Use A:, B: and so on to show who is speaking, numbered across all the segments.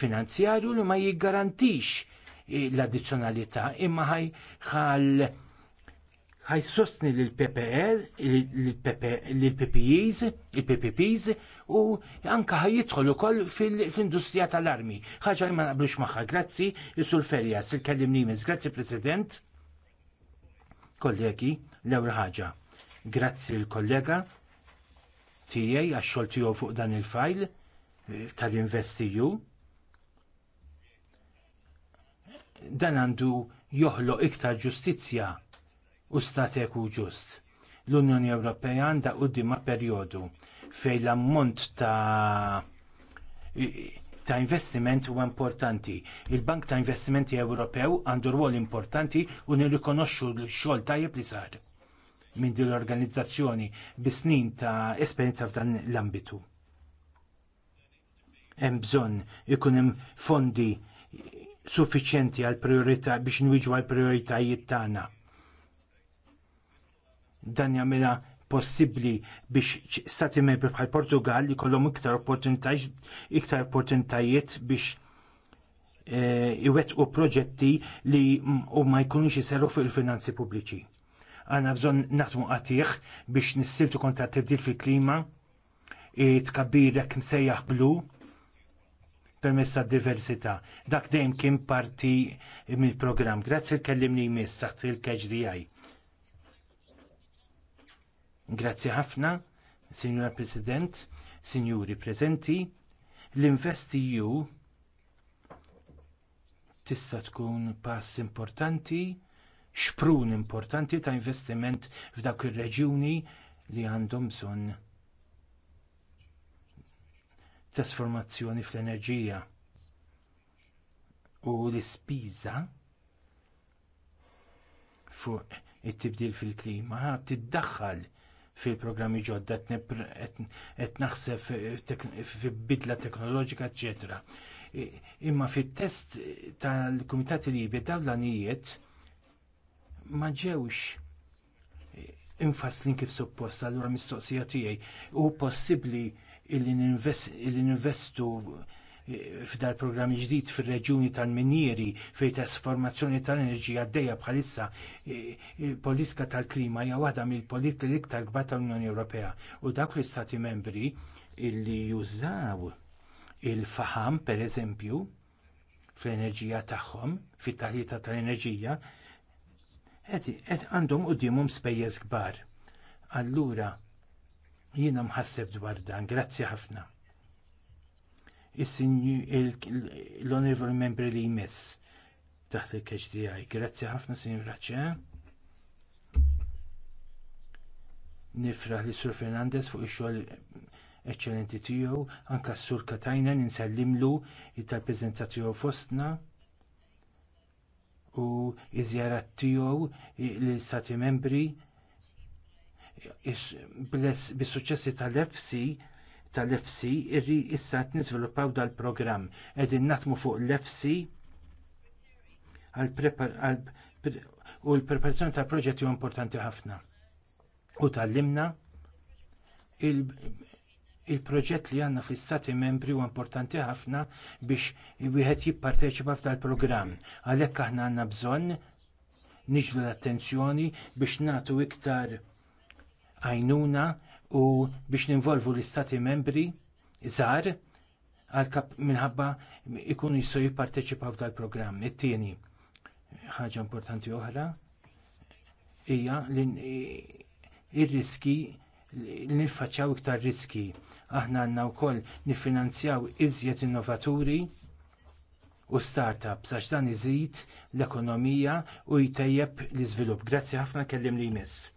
A: finanzjarju li ma jiggarantix eh, l-addizzjonalità imma ħaj ħaj sostni l ppr e, l-PPEs, e, l-PPPs u anka ħaj jidħol ukoll fil-industrija tal-armi. ħaġa li ma naqblux magħha. Grazzi, Isul Ferjas, il-kellim Nimes. Grazzi, President. Kollegi, l-ewwel ħaġa. Grazzi l-kollega tiegħi għax-xogħol tiegħu fuq dan il-fajl eh, tal-investiju dan għandu joħloq iktar ġustizzja u stat eku ġust. L-Unjoni Ewropea għandha qudiema perjodu fejn l-ammont ta' ta' investiment huwa importanti. Il-Bank ta' Investimenti Ewropew għandu rwol importanti u nirrikonoxxu l-xogħol tajjeb li sar minn din l-organizzazzjoni bi snin ta' esperjenza f'dan l-ambitu. Hemm bżonn ikun hemm fondi suffiċjenti għal priorità biex nwiġu għal prioritajiet tagħna. Dan jagħmilha possibbli biex stati membri bħal Portugal li kollhom iktar opportunitajiet iktar opportunitajiet biex e, iwettqu proġetti li u ma jkunux jiseru fuq il-finanzi pubbliċi. Għanna bżon naħdmu qatih biex nissiltu kontra tibdil fil-klima, tkabbir jekk msejjaħ blu, permezz tad diversità. Dak dejjem kien parti mill-programm. Grazzi l-kellimni jmiss taħt il-KHDI. Grazzi ħafna, Signora President, Sinjuri Prezenti, l-InvestEU tista' tkun pass importanti, xprun importanti ta' investiment f'dawk ir-reġjuni li għandhom bżonn trasformazzjoni fl-enerġija u l-ispiża fuq it-tibdil fil-klima tiddaħħal fil-programmi ġodda qed naħseb fi bidla teknoloġika eċetera. Imma fit-test tal-Kumitat Libi dawn l-anijiet ma ġewx infasslin kif suppost allura mistoqsija tiegħi u possibbli illi ninvestu eh, f'dal programm ġdid fir-reġjuni tal minieri fejn trasformazzjoni tal-enerġija għaddejja bħalissa eh, eh, politika tal-klima hija waħda mill-politika l-iktar kbar tal-Unjoni Ewropea u dak l-istati membri illi jużaw il-faham pereżempju fl-enerġija tagħhom fit-taħlita tal-enerġija qed għandhom qudiemhom spejjeż kbar. Allura Jiena mħasseb dwar dan, grazzi ħafna. l onorevoli Membri li jmiss taħt il-KHDI, grazzi ħafna, Sinjura Ċe. Nifraħ li Sur Fernandez fuq ix-xogħol eċċellenti tiegħu, anke s-sur Katajna ninsellimlu tal-preżenza tiegħu fostna u iżjarat tiegħu li stati membri bis-suċċessi tal-EFSI tal-EFSI irri issa qed niżviluppaw dal-programm qegħdin naħdmu fuq l-EFSI u l-preparazzjoni tal-proġett huwa importanti ħafna. U tallimna il-proġett li għandna fl-istati membri huwa importanti ħafna biex wieħed jipparteċipa f'dal programm. Għalhekk aħna għandna bżonn niġlu l-attenzjoni biex nagħtu iktar għajnuna u biex ninvolvu l-istati membri żgħar minħabba ikunu jistgħu jipparteċipaw dal programm It-tieni ħaġa importanti oħra hija li ir-riski li niffaċċjaw iktar riski. Aħna għandna wkoll niffinanzjaw iżjed innovaturi u startups għax dan iżid l-ekonomija u jtejjeb l-iżvilupp. Grazzi ħafna kellim li jmiss.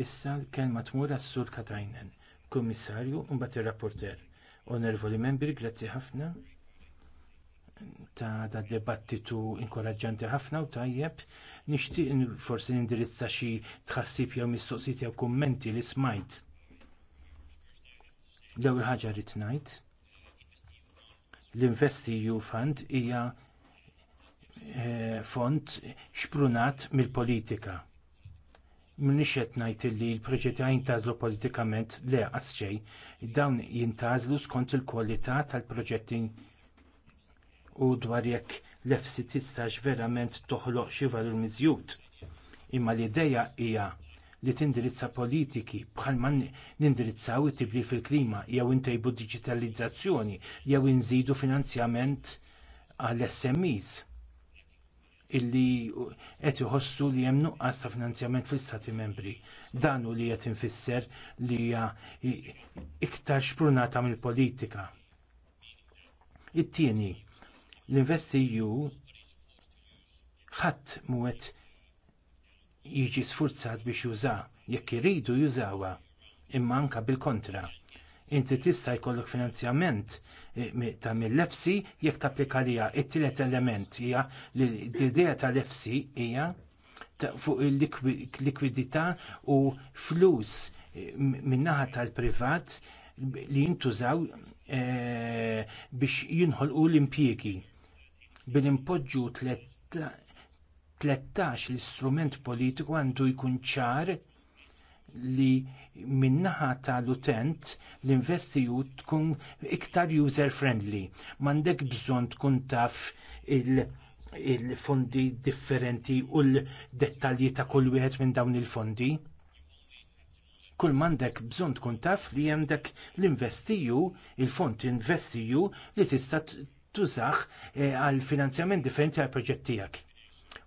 A: Issa l-kelma tmur għas-Sur Katajnen, Kummissarju mbagħad ir-Rapporter. Onorevoli membri, grazzi ħafna ta' da' debattitu inkoraġġanti ħafna u tajjeb nixtieq forsi nindirizza xi tħassib jew mistoqsijiet jew kummenti li smajt. L-ewwel ħaġa rrid ngħid l EU Fund hija eh, fond xprunat mill-politika Mnix qed ngħid li l-proġetti jintażlu politikament le xejn, dawn jintgħażlu skont il-kwalità tal-proġetti u dwar jekk l-efsi tistax verament toħloq xi valur miżjud. Imma l-idea hija li tindirizza politiki bħalma nindirizzaw it-tibli fil-klima jew intejbu d diġitalizzazzjoni jew inżidu finanzjament għall-SMEs illi qed iħossu li hemm nuqqas ta' finanzjament fl-Istati membri. Dan hu li qed infisser li hija iktar xprunata mill-politika. It-tieni, l-investiju ħadd mu qed jiġi sfurzat biex juża, jekk iridu jużawha, imma anke bil-kontra inti tista' jkollok finanzjament eh, ta' mill-EFSI jekk tapplika liha. It-tielet element hija li l-idea tal-EFSI hija fuq il-likwidità u flus eh, min-naħa tal-privat li jintużaw eh, biex jinħolqu l-impjiegi bil-impoġġu 13 l-istrument politiku għandu jkun ċar li min-naħa tal-utent l-investiju tkun iktar user friendly. M'għandek bżonn tkun taf il-fondi il differenti u l-dettalji ta' kull wieħed minn dawn il-fondi. Kull m'għandek bżonn tkun taf li għandek l-investiju, il-fond investiju li tista' tużax eh, għal finanzjament differenti għall proġett tiegħek.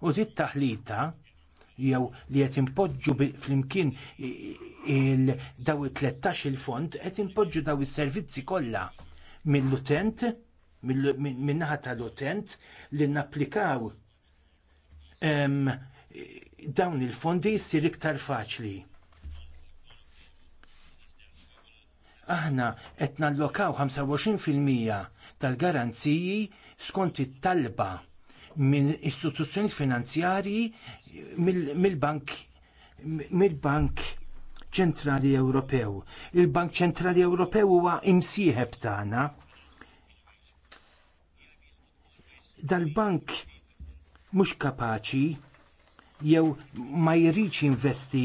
A: U dit taħlita jew li qed impoġġu flimkien il-daw 13 il-font qed impoġġu daw is-servizzi kollha mill-utent min-naħa tal-utent li napplikaw dawn il-fondi jsir iktar faċli. Aħna qed nallokaw 25% tal-garanziji skont it-talba minn istituzzjonijiet finanzjarji mill-Bank mill-Bank Ċentrali Ewropew. Il-Bank Ċentrali Ewropew huwa imsieħeb tagħna. Dal-bank mhux kapaċi jew ma jridx investi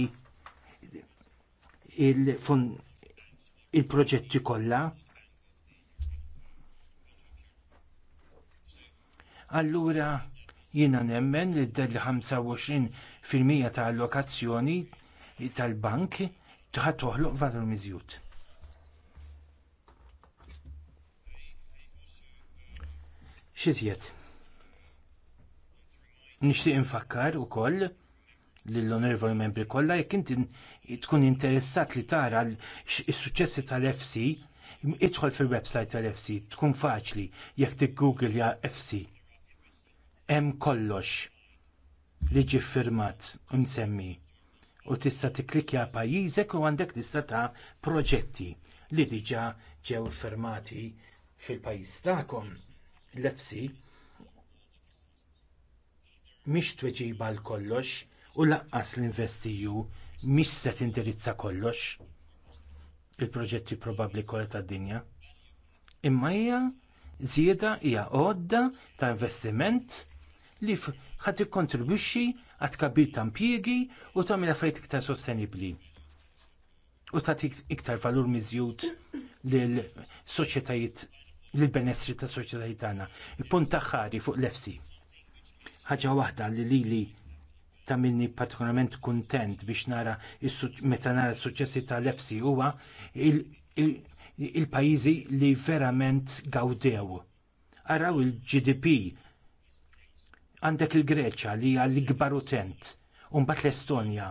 A: il-proġetti il kollha. Allura Jiena nemmen li d-25% ta' allokazzjoni tal-bank ħadd toħloq valur miżjud. Xizjed. Nixtieq infakkar ukoll lill-onorevoli membri kollha jekk inti tkun interessat li tara s-suċċessi tal-FC, idħol fil-website tal-FC, tkun faċli jekk tiggooglja FC hemm kollox li ġie ffirmat u msemmi u tista' tikklikja pajjiżek u għandek lista ta' proġetti li diġà ġew firmati fil-pajjiż tagħkom. l fc mhix tweġiba għal kollox u lanqas l-investiju mhix se tindirizza kollox il-proġetti probabbli kollha tad-dinja. Imma hija żieda hija għodda ta' investiment li ħad ikkontribwixxi għat kabbir ta' impjiegi u tagħmel affarijiet iktar sostenibbli. U tagħti iktar valur miżjud lil soċjetajiet lill benessri tas soċjetajiet tagħna. Il-punt aħħari fuq lefsi. Ħaġa waħda li lili tamilni partikolarment kuntent biex nara meta nara s-suċċessi tal lefsi huwa il-pajjiżi li verament gawdew. Araw il-GDP Għandek il-Greċja li hija l-ikbar utent, u mbagħad l-Estonja,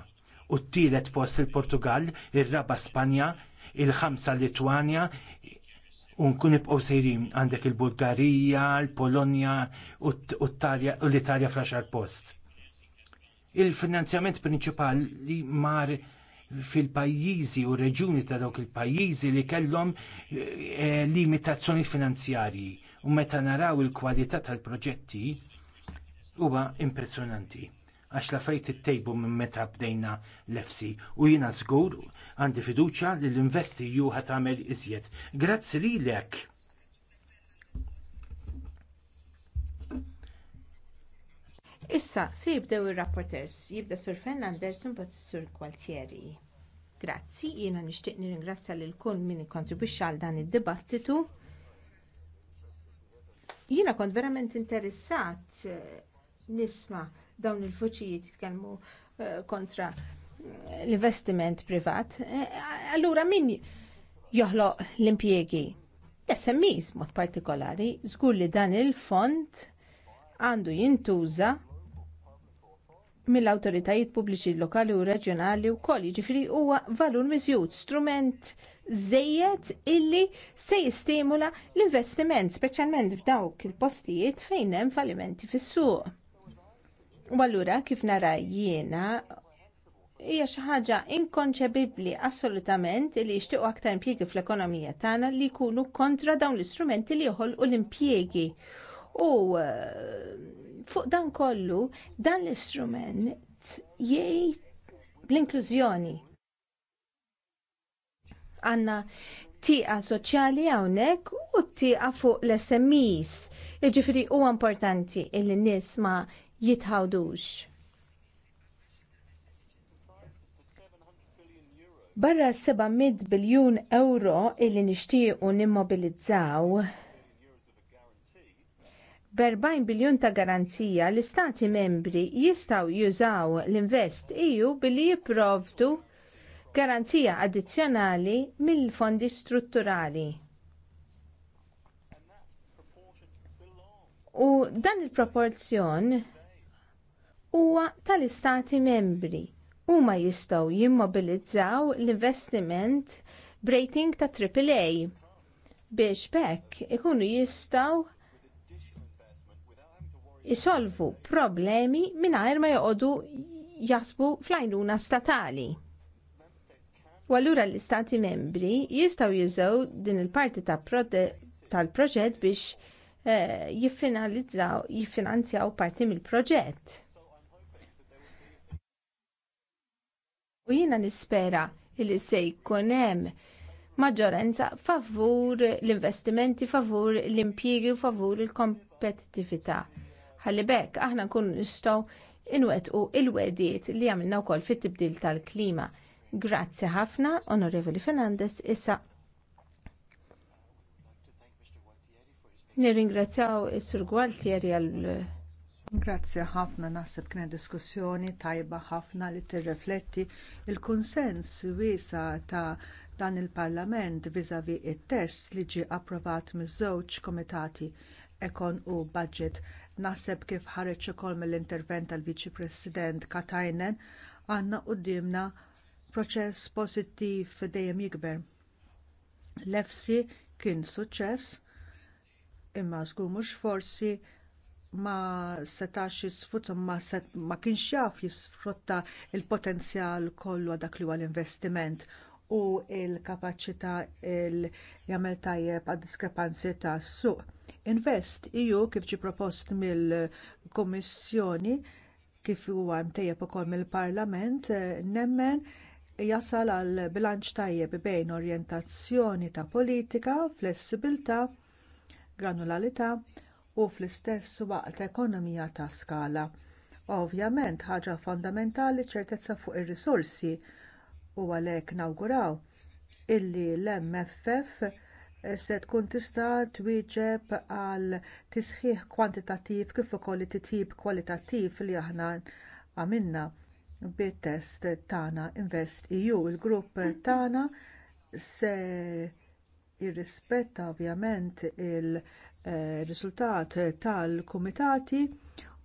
A: u t-tielet post il-Portugal, ir-raba Spanja, il-ħamsa Litwanja, u nkun ibqgħu sejrin għandek il-Bulgarija, il-Polonja u l-Italja fl-axar post. Il-finanzjament prinċipali mar fil-pajjiżi u reġuni ta' dawk il-pajjiżi li kellhom eh, limitazzjoni finanzjarji u meta naraw il-kwalità tal-proġetti huwa impressjonanti għax la fejt it-tejbu minn meta bdejna l-efsi u jina żgur għandi fiduċja li l-investi ju tagħmel iżjed. Grazzi lilek.
B: Issa, se jibdew ir-rapporters, jibda Sur Fernandez bat Sur Gualtieri. Grazzi, jiena nixtieq nirringrazzja lil kull min ikkontribwixxa għal dan id-dibattitu. Jiena kont verament interessat eh, nisma dawn il-fuċijiet jitkellmu eh, kontra l-investiment privat. Eh, allura min joħloq l-impjegi? SMEs mod partikolari, Zgur li dan il-fond għandu jintuża mill-awtoritajiet pubbliċi lokali u reġjonali wkoll, jiġifieri huwa valur miżjud, strument żejjed illi se jistimula l-investiment, speċjalment f'dawk il-postijiet fejn hemm fallimenti fis-suq. U allura kif nara jiena hija xi ħaġa inkonċebibbli assolutament li jixtiequ aktar impjiegi fl-ekonomija tagħna li jkunu kontra dawn l-istrumenti li joħolqu l-impjiegi. U eh, fuq dan kollu dan l-istrument jgħid bl-inklużjoni. Għanna tieqa soċjali hawnhekk u tieqa fuq l-SMEs. Jiġifieri huwa importanti li nies ma' jitħawdux. Barra 700 biljun euro illi nixtiequ nimmobilizzaw b'40 biljun ta' garanzija l-istati membri jistgħu jużaw l-Invest iju e billi jipprovdu garanzija addizzjonali mill-fondi strutturali. U dan il-proporzjon huwa tal-istati membri. Huma jistgħu jimmobilizzaw l-investiment b'rating ta' AAA biex bekk ikunu jistgħu jsolvu problemi mingħajr ma joqogħdu jaħsbu fl-għajnuna statali. U allura l-istati membri jistgħu jużaw din il-parti tal-proġett biex eh, jiffinalizzaw, jiffinanzjaw parti mill-proġett. U jiena nispera li se jkun hemm maġġoranza favur l-investimenti, favur l-impjiegi u favur il kompetitività Ħalli bekk aħna nkunu nistgħu inwettqu il wediet li għamilna wkoll fit-tibdil tal-klima. Grazzi ħafna, Onorevoli Fernandez, issa
C: Nirringrazzjaw is-Sur Gualtieri għal Grazzi ħafna naħseb kien diskussjoni tajba ħafna li tirrifletti l kunsens wiesa ta' dan il-Parlament viżavi t test li ġie approvat miż-żewġ komitati ekon u budget. Naħseb kif ħareġ ukoll mill-intervent tal-Viċi President Katajnen għandna quddiemna proċess pożittiv dejjem jikber. L-EFSI kien suċċess imma żgur mhux forsi ma setax jisfrutta ma, set, ma kienx jaf jisfrutta l potenzjal kollu dak li huwa l-investiment u l kapaċità li jagħmel tajjeb għad diskrepanzi tas suq. Invest EU kif ġie propost mill-Kummissjoni kif huwa mtejjeb ukoll mill-Parlament nemmen jasal għal bilanċ tajjeb bejn orjentazzjoni ta' politika, flessibilità, granulalità u fl-istess waqt ekonomija ta' skala. Ovvjament ħaġa fondamentali ċertezza fuq ir-risorsi u għalhekk nawguraw illi l-MFF se tkun tista' twieġeb għal tisħiħ kwantitattiv kif ukoll titjib kwalitattiv li aħna għamilna bit-test tagħna Invest EU. Il-grupp tagħna se jirrispetta ovvjament il- Eh, Rizultat tal-kumitati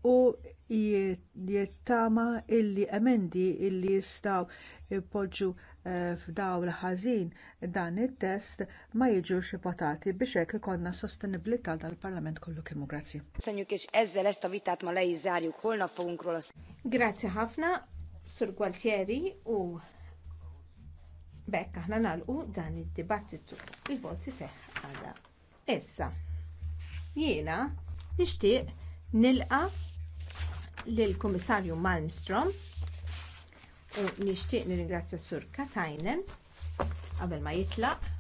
C: u jittama illi emendi illi jistgħu jpoġġu eh, f'dawl ħażin dan it-test ma jiġux votati biex hekk ikollna sostenibilità tal-Parlament kollu kemm grazzi.
B: Grazzi ħafna Sur Gualtieri u bekk aħna nagħlqu dan id-dibattitu. Il-voti seħħ għadha. Issa. Jiena nixtieq nilqa lill-Kummissarju Malmstrom u nixtieq nirringrazzja Sur Katajnen qabel ma jitlaq.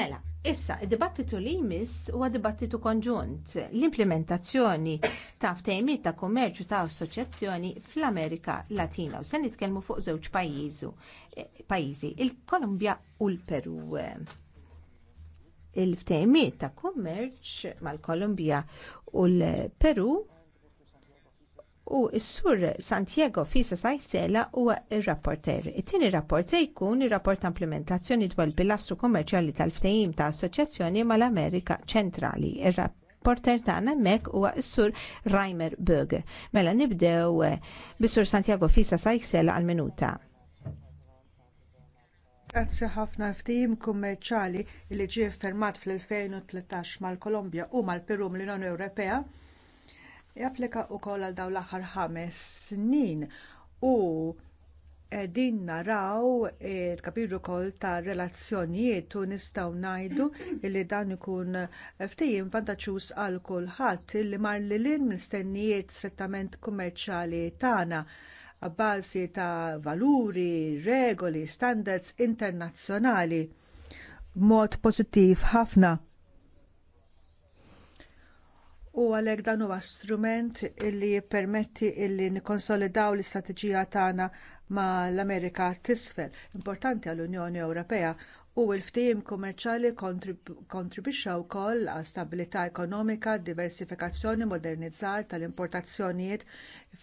B: Mela, issa, id-dibattitu li jmiss huwa dibattitu konġunt l-implementazzjoni ta' ftejmiet ta' kummerċu ta' assoċjazzjoni fl-Amerika Latina u se nitkellmu fuq żewġ eh, pajjiżi, il-Kolumbja u l-Peru il-ftehimiet ta' kummerċ mal-Kolumbja u l-Peru u s-sur Santiago Fisa Sajsela huwa il rapporter it tini rapport se jkun ir-rapport ta' implementazzjoni dwar il-pilastru kummerċjali tal-ftehim ta' Assoċjazzjoni mal-Amerika Ċentrali. Ir-rapporter tagħna hemmhekk huwa s-sur Reimer Böge. Mela nibdew bis-sur Santiago Fisa Sajsela għal-minuta.
C: Grazzi ħafna l ftehim kummerċjali li ġie fermat fl-2013 mal-Kolombja u mal-Peru mill-Unjoni Ewropea japplika wkoll għal dawn l-aħħar ħames snin u qegħdin naraw e, tkabir ukoll ta' relazzjonijiet u nistgħu ngħidu li dan ikun ftehim vantaġġuż għal kulħadd li mar lil mistennijiet strettament kummerċjali tagħna għabbażi ta' valuri, regoli, standards internazzjonali b'mod pożittiv ħafna. U għalhekk dan huwa strument li jippermetti li nikkonsolidaw l-istrateġija tagħna mal amerika t-isfel, importanti għall-Unjoni Ewropea u l-ftehim kummerċjali kontribwixxew ukoll għal stabilità ekonomika, diversifikazzjoni, modernizzar tal-importazzjonijiet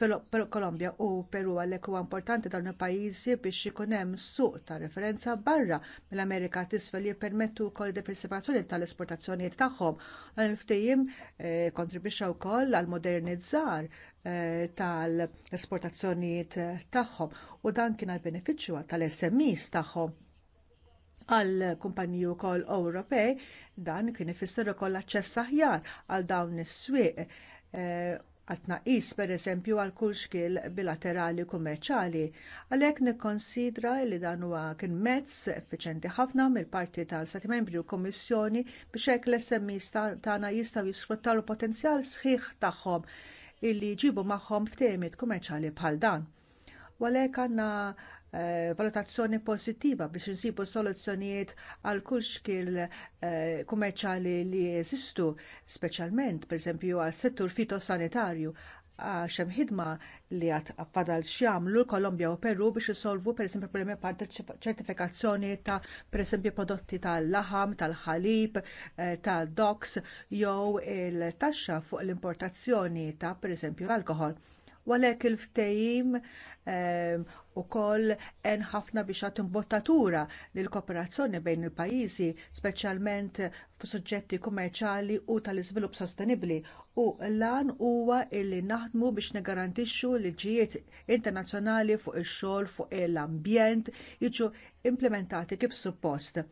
C: fil-Kolombja u Peru għalhekk huwa importanti dawn il-pajjiżi biex ikun hemm suq ta' referenza barra mill-Amerika t'isfel jippermettu wkoll diversifikazzjoni tal-esportazzjonijiet tagħhom. Dan il-ftehim kontribwixxew ukoll għal modernizzar eh, tal-esportazzjonijiet tagħhom u dan kien għall benefiċċju tal-SMEs tagħhom għal kumpaniji wkoll Ewropej dan kien ifisser ukoll aċċess aħjar għal dawn is-swieq eh, għat per pereżempju għal kull xkil bilaterali kummerċjali għalhekk nikkonsidra li dan huwa kien mezz effiċenti ħafna mill-parti tal-Stati Membri u Kommissjoni biex hekk l-SMEs tagħna jistgħu jisfruttaw il-potenzjal sħiħ tagħhom illi jġibu magħhom f'temiet kummerċali bħal dan. Għalhekk għandna Eh, valutazzjoni pożittiva biex insibu soluzzjonijiet għal kull xkil eh, kummerċali li jeżistu, speċjalment pereżempju għal settur fitosanitarju għax hemm ħidma li għad fadal x'jamlu l-Kolombja u Peru biex isolvu esempio problemi parti ċertifikazzjoni ta' pereżempju prodotti tal-laħam, tal-ħalib, eh, tal-doks jew il-taxxa fuq l-importazzjoni ta' pereżempju l-alkohol. Walek il-ftehim koll en ħafna biex għat imbottatura lill kooperazzjoni bejn il-pajjiżi, speċjalment f'suġġetti kummerċjali u tal-iżvilupp sostenibbli u lan huwa illi naħdmu biex negarantixxu li ġijiet internazzjonali fuq ix-xogħol fuq l-ambjent jiġu implementati kif suppost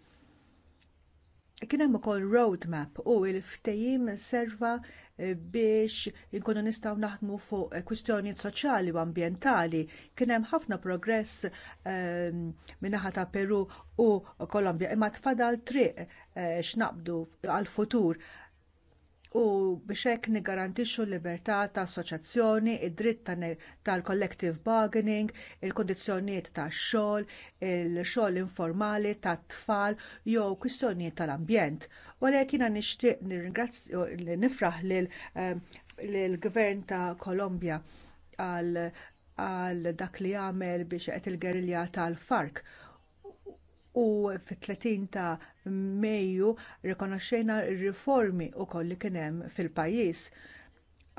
C: Kien hemm ukoll roadmap u l-ftehim serva eh, biex inkunu nistgħu naħdmu fuq eh, kwistjonijiet soċjali u ambjentali. Kien hemm ħafna progress um, ehm, naħa ta' Peru u Kolombja imma tfadal triq eh, x'naqbdu għall-futur u biex hekk niggarantixxu l-libertà ta' assoċjazzjoni, id-dritt tal-collective bargaining, il-kondizzjonijiet tax-xogħol, il-xogħol informali tat-tfal jew kwistjonijiet tal-ambjent. Għalhekk jiena nixtieq nifraħ lill-Gvern ehm, ta' Kolombja għal dak li għamel biex qed il-gerilja tal-Fark u fit-30 ta' Mejju rikonoxxejna r riformi wkoll li kien hemm fil-pajjiż.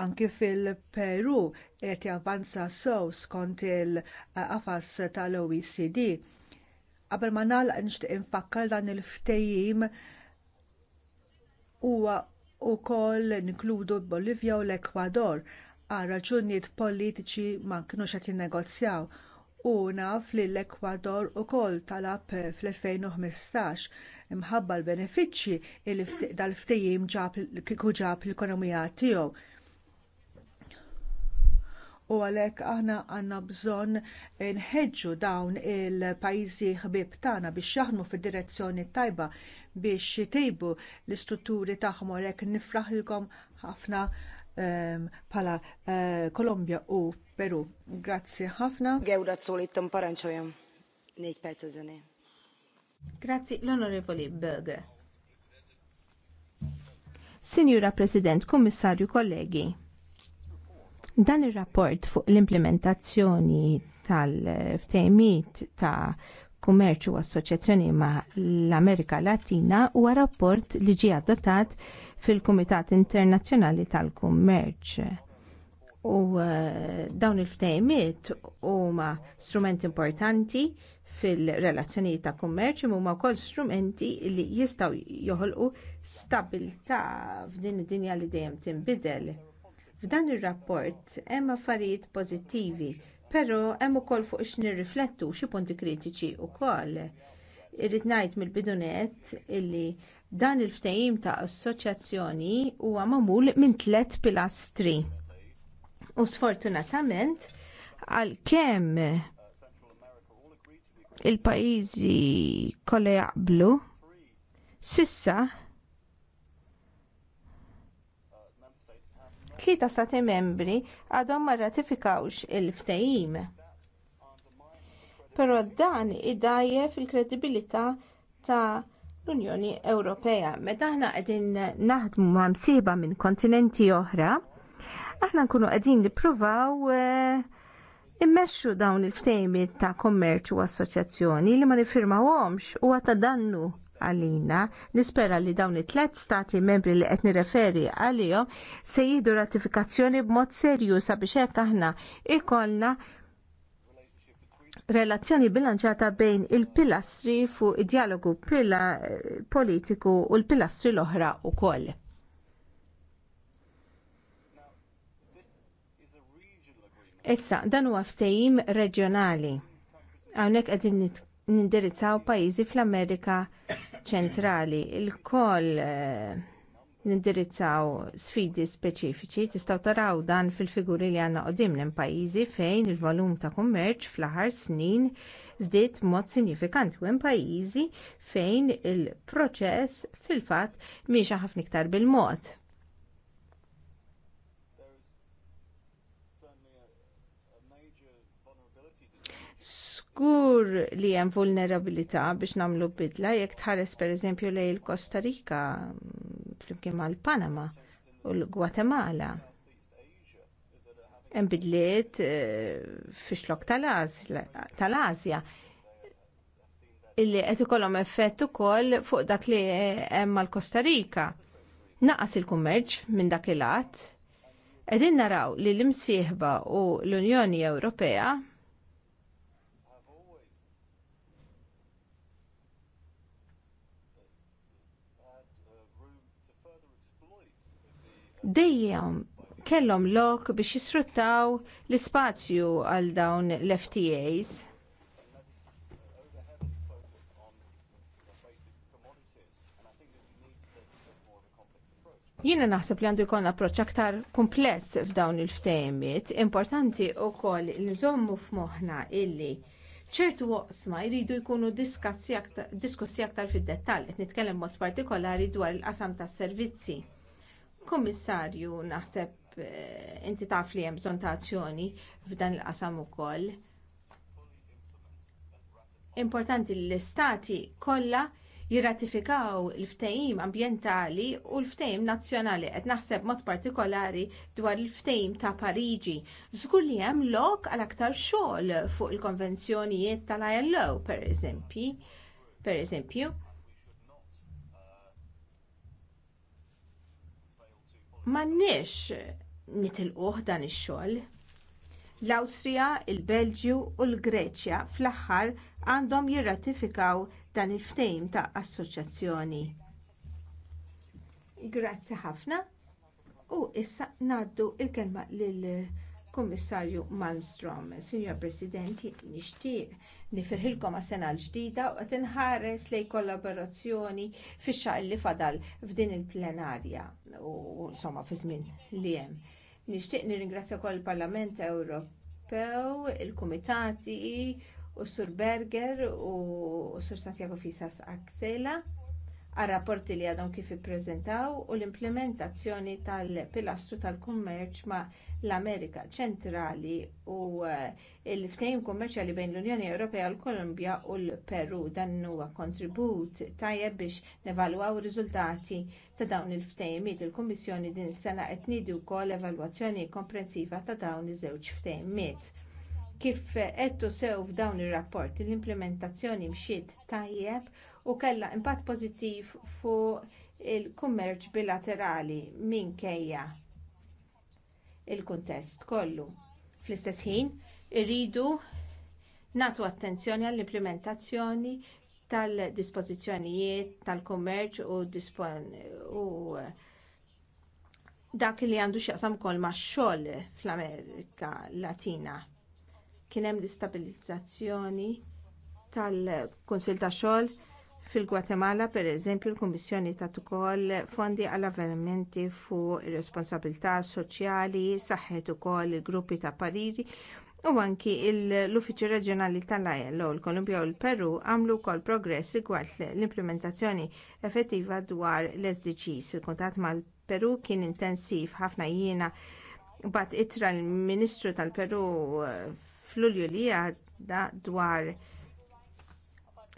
C: Anki fil-Peru qed javvanza sew skont il-qafas tal-OECD. Qabel ma nagħlaq nixtieq infakkar dan il-ftehim huwa wkoll inkludu Bolivja u l-Ekwador għal raġunijiet politiċi ma kinux qed jinnegozjaw u naf li ekwador ukoll talab fl-2015 imħabba l-benefiċċji li dal ftejim kieku ġab l-ekonomija tiegħu. U għalhekk aħna għandna bżonn nħeġġu dawn il-pajjiżi ħbieb tagħna biex jaħdmu fid-direzzjoni tajba biex jtejbu l-istrutturi tagħhom għalhekk nifraħilkom ħafna ehm, bħala eh, Kolombja u Peru. Grazzi ħafna. Gewda t-soli t-tamparanċojem.
B: Nejt pertizani. Grazzi l-Onorevoli Böge. Signora President, Kummissarju, kollegi. Dan ir-rapport fuq l-implementazzjoni tal ftejmit ta' kummerċu u assoċjazzjoni ma' l-Amerika Latina huwa rapport li ġie adottat fil-Kumitat Internazzjonali tal-Kummerċ u eh, dawn il-ftejmiet huma strumenti importanti fil-relazzjonijiet ta' kummerċ imma huma wkoll strumenti li jistgħu joħolqu stabilità f'din id-dinja li dejjem tinbidel. F'dan ir-rapport hemm affarijiet pożittivi, però hemm ukoll fuq x nirriflettu xi punti kritiċi wkoll. Irrid ngħid mill-bidunet illi dan il-ftehim ta' assoċjazzjoni huwa magħmul minn tliet pilastri. U sfortunatament, għalkemm il-pajjiżi kollha jaqblu, sissa tlieta stati membri għadhom ma rratifikawx il-ftehim. Però dan idajje fil kredibilità ta' l-Unjoni Ewropea. Meta aħna qegħdin naħdmu ma' msiba minn kontinenti oħra, Aħna nkunu qegħdin nippruvaw eh, immexxu dawn il-ftejmiet ta' kommerċu u assoċjazzjoni li ma nifirmawhomx u ta' dannu għalina. Nispera li dawn it-tlet stati membri li qed nirreferi għalihom se jieħdu ratifikazzjoni b'mod serju sabiex hekk aħna ikollna relazzjoni bilanċata bejn il-pilastri fuq id-dialogu politiku u l-pilastri l-oħra wkoll. Issa, dan huwa ftehim reġjonali. Hawnhekk qegħdin nindirizzaw pajjiżi fl-Amerika ċentrali. Il-koll eh, nindirizzaw sfidi speċifiċi tistgħu taraw dan fil-figuri li għandna qudiem hemm pajjiżi fejn il-volum ta' kummerċ fl-aħħar snin żdied mod sinifikanti u hemm pajjiżi fejn il-proċess fil-fatt miexa ħafna iktar bil-mod Skur li hemm vulnerabilità biex nagħmlu bidla jekk tħares pereżempju lejn il-Kosta Rika flimkien mal-Panama u l-Gwatemala. Hemm bidliet eh, fix tal-Asja illi qed ikollhom effett ukoll fuq dak li hemm mal-Kosta Rika. Naqas il-kummerċ minn dak il-att. Qegħdin naraw li l-imsieħba u l-Unjoni Ewropea dejjem kellhom lok biex jisfruttaw l-ispazju għal dawn l-FTAs. Jiena naħseb li għandu jkun approċċ aktar kumpless f'dawn il-ftehimiet, importanti wkoll li nżommu f'moħħna illi ċertu waqsma jridu jkunu diskussi aktar fid-dettall, qed nitkellem mod partikolari dwar il-qasam tas-servizzi. Kummissarju, naħseb eh, inti taf li hemm bżonn ta' azzjoni f'dan il-qasam ukoll. Importanti li l-istati kollha jirratifikaw il-ftehim ambjentali u l-ftehim nazzjonali qed naħseb mod partikolari dwar il-ftehim ta' Pariġi. Żgur li hemm lok għal aktar xogħol fuq il-konvenzjonijiet tal-ILO pereżempju. Per eżempju, m'għandniex nitilquh dan ix-xogħol. L-Awstrija, il-Belġju u l-Greċja fl-aħħar għandhom jirratifikaw dan il-ftehim ta' assoċjazzjoni. Grazzi ħafna u issa ngħaddu l kelma lil Kummissarju Malmstrom. Sinjor President, nixtieq nifirħilkom għas sena l-ġdida u qed inħares lejn kollaborazzjoni fix xagħar li fadal f'din il-plenarja u insomma fi żmien li hemm. Nixtieq nirringrazzja wkoll il-Parlament Ewropew, il-Kumitati u Sur Berger u Sur Santiago Fisas Aksela għal rapporti li għadhom kif ippreżentaw u l-implementazzjoni tal-pilastru tal-kummerċ ma' l-Amerika ċentrali u eh, l-ftehim kummerċali bejn l-Unjoni Ewropea u l-Kolumbja u l-Peru dan huwa kontribut tajjeb biex nevalwaw riżultati ta' dawn il-ftehimiet. Il-Kummissjoni din sena qed nidu wkoll evalwazzjoni komprensiva ta' dawn iż-żewġ ftehimiet. Kif qed sew f'dawn ir-rapporti l-implementazzjoni mxiet tajjeb u kellha impatt pożittiv fuq il-kummerċ bilaterali minkejja il-kuntest kollu. Fl-istess ħin, irridu nagħtu attenzjoni għall-implementazzjoni tal-dispożizzjonijiet tal-kummerċ u, u dak li għandu x'jaqsam kol max-xogħol fl-Amerika Latina. Kien hemm l-istabilizzazzjoni tal-Kunsil tax-xogħol Fil-Gwatemala, per eżempju, l-Kummissjoni ta' ukoll fondi għal avvenimenti fuq ir-responsabilità soċjali, saħħet ukoll il-gruppi ta' pariri u anki l-Uffiċċju Reġjonali tal-ILO l-Kolumbja u l-Peru għamlu wkoll progress rigward l-implementazzjoni effettiva dwar l-SDGs. Il-kuntatt mal-Peru kien intensiv ħafna jiena bat itra l-Ministru tal-Peru eh, fl-Ulju li għadda dwar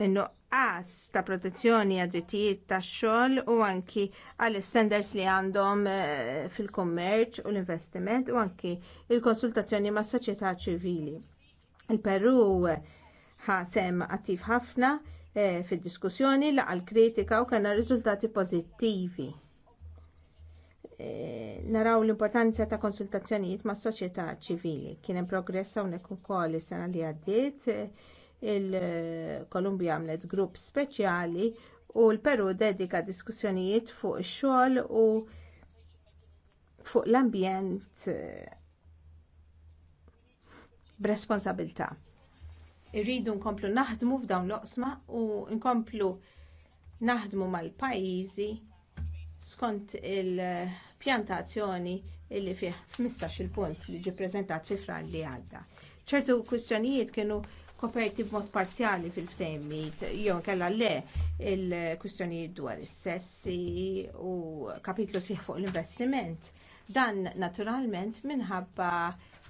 B: in-nuqqas ta' protezzjoni għad drittijiet tax-xogħol u anki għall standards li għandhom eh, fil-kummerċ u l-investiment u anki l konsultazzjoni mas soċjetà ċivili. Il-Peru eh, ħasem attiv ħafna e, fid-diskussjoni laqal kritika u kena riżultati pożittivi. naraw l-importanza ta' konsultazzjonijiet mas soċjetà ċivili. Kien hemm progress hawnhekk ukoll is-sena li għaddiet il kolumbija għamlet grupp speċjali u l-Peru dedika diskussjonijiet fuq ix-xogħol u fuq l-ambjent eh, b'responsabilità. Irridu nkomplu naħdmu f'dawn l-oqsma u nkomplu naħdmu mal-pajjiżi skont il-pjantazzjoni illi fih 15 il-punt li ġie ppreżentat fi fran li għadda. ċertu kwistjonijiet kienu koperti b'mod parzjali fil-ftejmit, jew kella le il-kwistjonijiet dwar is-sessi u kapitlu sieħ fuq l-investiment. Dan naturalment minħabba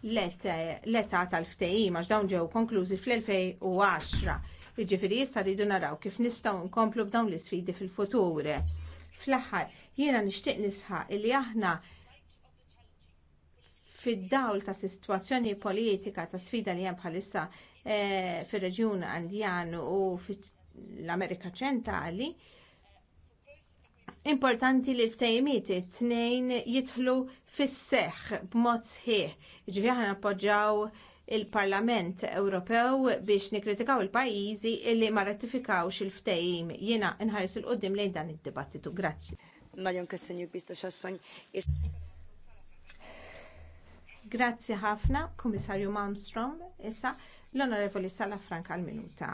B: l-età tal-ftehim għax dawn ġew konklużi fl-2010. Jiġifieri issa rridu naraw kif nistgħu nkomplu b'dawn l-isfidi fil-futur. Fl-aħħar, jiena nixtieq nisħaq li aħna fid-dawl ta' sitwazzjoni politika ta' sfida li hemm bħalissa eh, fir-reġjun Andjan u fl-Amerika ċentrali, importanti li l-ftejmiet it-tnejn jidħlu fis-seħħ b'mod sħiħ. Ġifieri aħna appoġġjaw il-Parlament Ewropew biex nikkritikaw il-pajjiżi li ma rattifikawx il-ftehim. Jiena nħares il qudiem lejn dan id-dibattitu. Grazzi. Grazzi ħafna, Kummissarju Malmstrom, issa l-Onorevoli Sala Franka għal-minuta.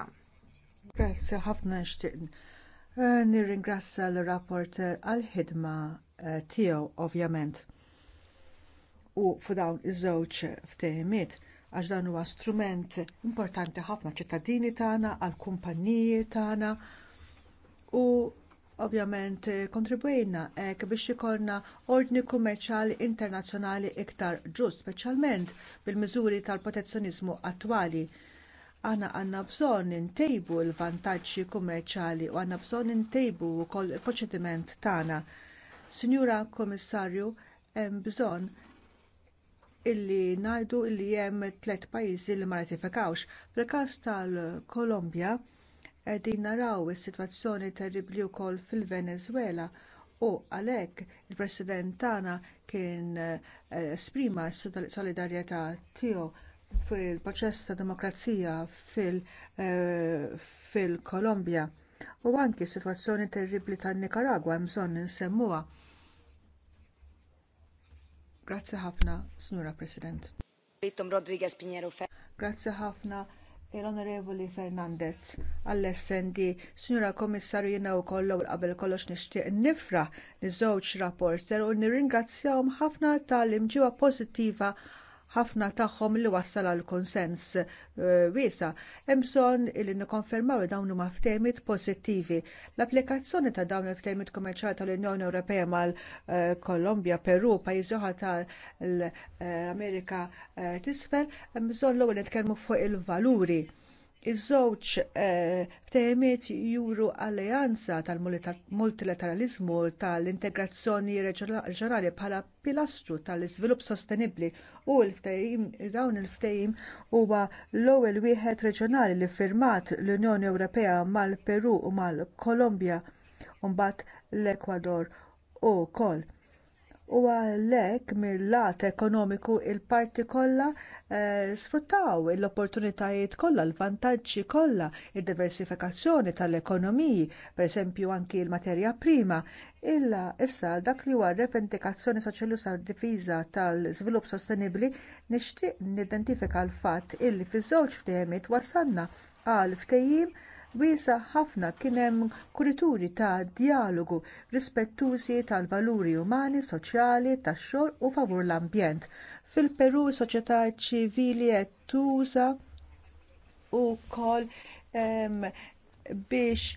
C: Grazzi ħafna nishtiqn. Eh, Nirringrazza l-rapporter għal-ħidma eh, tiegħu ovvjament. U f'dawn iż-żewġ ftehimiet għax dan huwa strument importanti ħafna ċittadini tagħna, għall kumpaniji tagħna u Ovvjament eh, kontribwejna hekk biex ikollna ordni kummerċjali internazzjonali iktar ġust, speċjalment bil-miżuri tal-protezzjonizmu attwali. Aħna għandna bżonn intejbu l-vantaġġi kummerċjali u għandna bżonn intejbu wkoll il-proċediment tagħna. Sinjura Komissarju, hemm bżonn illi ngħidu li hemm tliet pajjiżi li ma ratifikawx. Fil-każ tal-Kolombja, qegħdin naraw is-sitwazzjoni terribbli wkoll fil-Venezwela u għalhekk il-President tagħna kien eh, esprima s-solidarjetà tiegħu fil-proċess ta' demokrazija eh, fil-Kolombja u anki s-sitwazzjoni terribbli tan-Nikaragwa hemm bżonn insemmuha. Grazzi ħafna, Snura President. Grazzi ħafna l-Onorevoli Fernandez għall-SND, Sinjura Komissarju jiena wkoll l-ewwel qabel kollox nixtieq nifraħ li żewġ rapporter u nirringrazzjahom ħafna tal-imġiba pożittiva ħafna tagħhom li wassal għal konsens eh, wiesa. Hemm bżonn li nikkonfermaw li dawn huma ftehmiet pożittivi. L-applikazzjoni ta' dawn il-ftehmiet kummerċjali tal-Unjoni Ewropea mal-Kolombja, eh, Peru, pajjiż oħra tal-Amerika eh, tisfel, hemm bżonn l-ewwel nitkellmu fuq il-valuri Iż-żewġ eh, ftehimiet juru alleanza tal-multilateralizmu tal-integrazzjoni reġjonali bħala pilastru tal-iżvilupp sostenibbli u l-ftehim dawn il-ftehim huwa l-ewwel wieħed reġjonali li ffirmat l-Unjoni Ewropea mal-Peru u mal-Kolombja u mbagħad l-Ekwador ukoll u għalhekk mill-lat ekonomiku l parti kollha eh, sfruttaw l-opportunitajiet kollha, l-vantaġġi kollha, id-diversifikazzjoni tal-ekonomiji, pereżempju anki l-materja prima, illa issa dak li huwa r-revendikazzjoni soċjali sa difiża tal-żvilupp sostenibbli nixtieq nidentifika l-fatt illi fiż-żewġ ftehimiet wasanna għal ftehim wiesa ħafna kien hemm kurituri ta' dijalogu rispettużi tal-valuri umani, soċjali, tax-xogħol u favur l-ambjent. Fil-Peru soċjetà ċivili qed tuża wkoll ehm, biex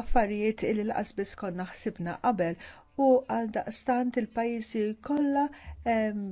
C: affarijiet li l-qasbis konna ħsibna qabel u għaldaqstant il-pajjiżi kollha hemm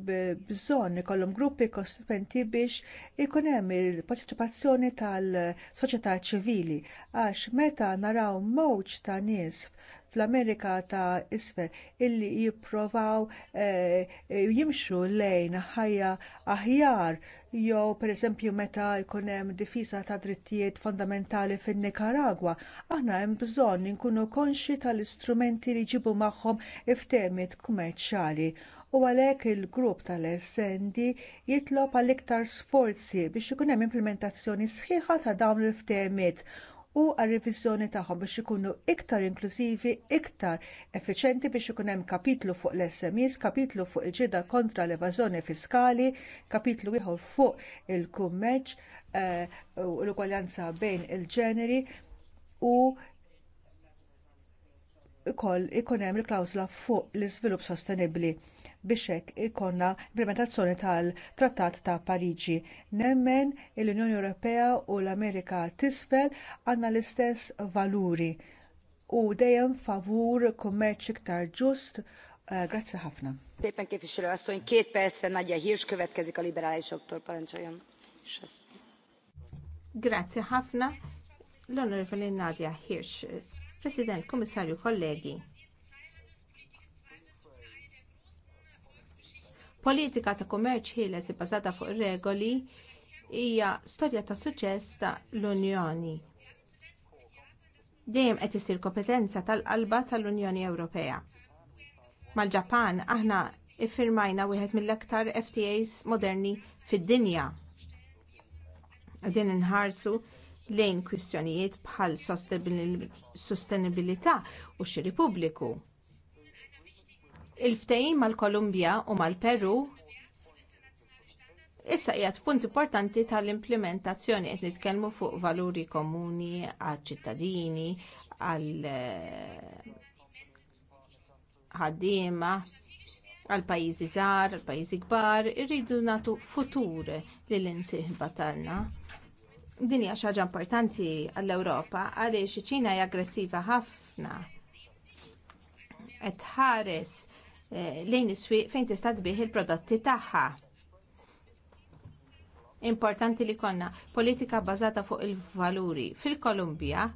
C: bżonn ikollhom gruppi kostituenti biex ikun hemm il-parteċipazzjoni tal-soċjetà ċivili għax meta naraw mowġ ta' nies fl-Amerika ta' isfel illi jippruvaw eh, jimxu lejn ħajja aħjar jew pereżempju meta jkun hemm difiża ta' drittijiet fondamentali fin-Nikaragwa, aħna hemm bżonn inkunu konxi tal-istrumenti li jġibu magħhom iftemiet kummerċjali u għalhekk il-grupp tal-SND jitlob għal iktar sforzi biex ikun hemm implementazzjoni sħiħa ta' dawn il-ftehimiet u għar revizjoni tagħhom biex ikunu iktar inklużivi, iktar effiċenti biex ikun hemm kapitlu fuq l-SMEs, kapitlu fuq il-ġida kontra l-evażjoni fiskali, kapitlu ieħor fuq il-kummerċ uh, u l-ugwaljanza bejn il-ġeneri u ikoll ikun hemm il-klawsla fuq l-iżvilupp sostenibbli biex hekk ikonna implementazzjoni tal-Trattat ta' Pariġi. Nemmen l-Unjoni Ewropea u l-Amerika t'isfel għandna l-istess valuri u dejjem favur kummerċ iktar ġust. Eh, grazzi ħafna.
B: Szépen képviselő asszony, két percen Nagyja Hirsch következik a liberálisoktól, parancsoljon. Grazie ħafna. L-Onorevoli Nadja Hirsch, President, Komissarju, kollegi, Politika ta' kummerċ ħieles ibbażata fuq regoli hija storja ta' suċċess ta' l-Unjoni. Dejjem qed isir kompetenza tal-qalba tal-Unjoni Ewropea. Mal-Ġapan aħna iffirmajna wieħed mill-aktar FTAs moderni fid-dinja. Din inħarsu lejn kwistjonijiet bħal sostenibilità u xiri pubbliku. Il-ftehim mal-Kolumbja u mal-Peru Issa qiegħed punt importanti tal-implementazzjoni qed nitkellmu fuq valuri komuni għaċ-ċittadini, għal eh, ħaddiema, għal pajjiżi żgħar, pajjiżi kbar, irridu nagħtu futur lil insieħba tagħna. Din hija xi ħaġa importanti għall-Ewropa għaliex iċ-Ċina hija aggressiva ħafna qed tħares Eh, lejn is-swieq fejn tista' tbih il-prodotti tagħha. Importanti li konna politika bażata fuq il-valuri. Fil-Kolumbja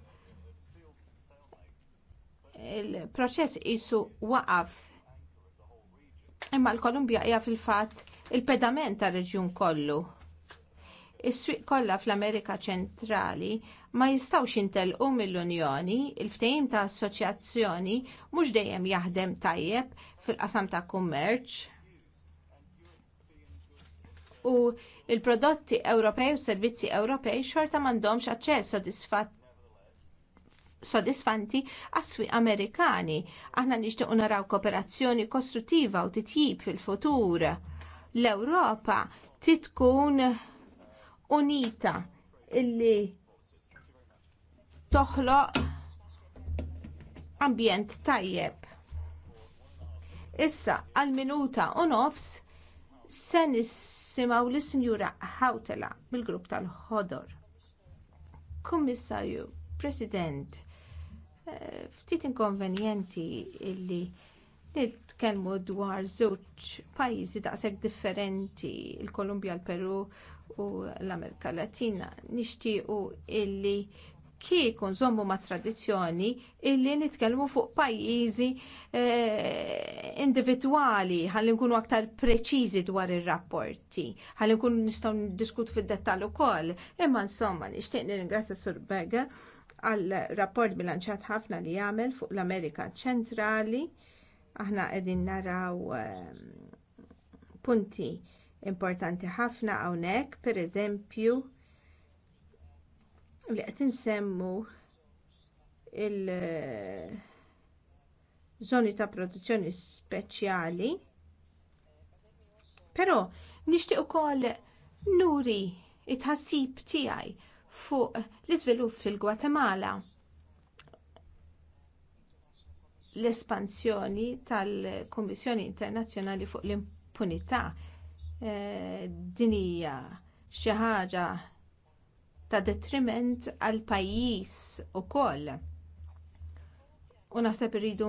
B: il-proċess isu waqaf imma l-Kolumbja hija fil-fatt il-pedament tar-reġjun kollu. Is-swieq kollha fl-Amerika Ċentrali ma jistawx intelqu mill-Unjoni, il-ftehim ta' assoċjazzjoni mhux dejjem jaħdem tajjeb fil-qasam ta' kummerċ. U l prodotti Ewropej u s servizzi Ewropej xorta m'għandhomx aċċess sodisfatt sodisfanti għaswi Amerikani. Aħna nixtiequ naraw kooperazzjoni kostruttiva u titjib fil-futur. L-Ewropa trid tkun unita illi toħloq ambjent tajjeb. Issa għal minuta u nofs se nisimgħu lis sinjura Hawtela mill-grupp tal-ħodor. Kummissarju, President, eh, ftit inkonvenjenti illi nitkellmu dwar żewġ pajjiżi daqshekk differenti, il-Kolumbja, l-Peru u l-Amerika Latina, nixtiequ illi kieku nżommu ma' tradizzjoni illi nitkellmu fuq pajjiżi eh, individwali ħalli nkunu aktar preċiżi dwar ir-rapporti, ħalli nkunu nistgħu diskutu fid-dettall ukoll. Imma insomma nixtieq nirringrazzja Sur Bega għal rapport bilanċat ħafna li jagħmel fuq l-Amerika ċentrali. Aħna qegħdin naraw eh, punti importanti ħafna hawnhekk, pereżempju li qed insemmu il-żoni eh, ta' produzzjoni speċjali. Però nixtieq ukoll nuri t tħassib tiegħi fuq l-iżvilupp fil-Gwatemala l-espansjoni tal-Kummissjoni Internazzjonali fuq l-impunità eh, din hija xi ħaġa ta' detriment għal pajjiż ukoll. U naħseb irridu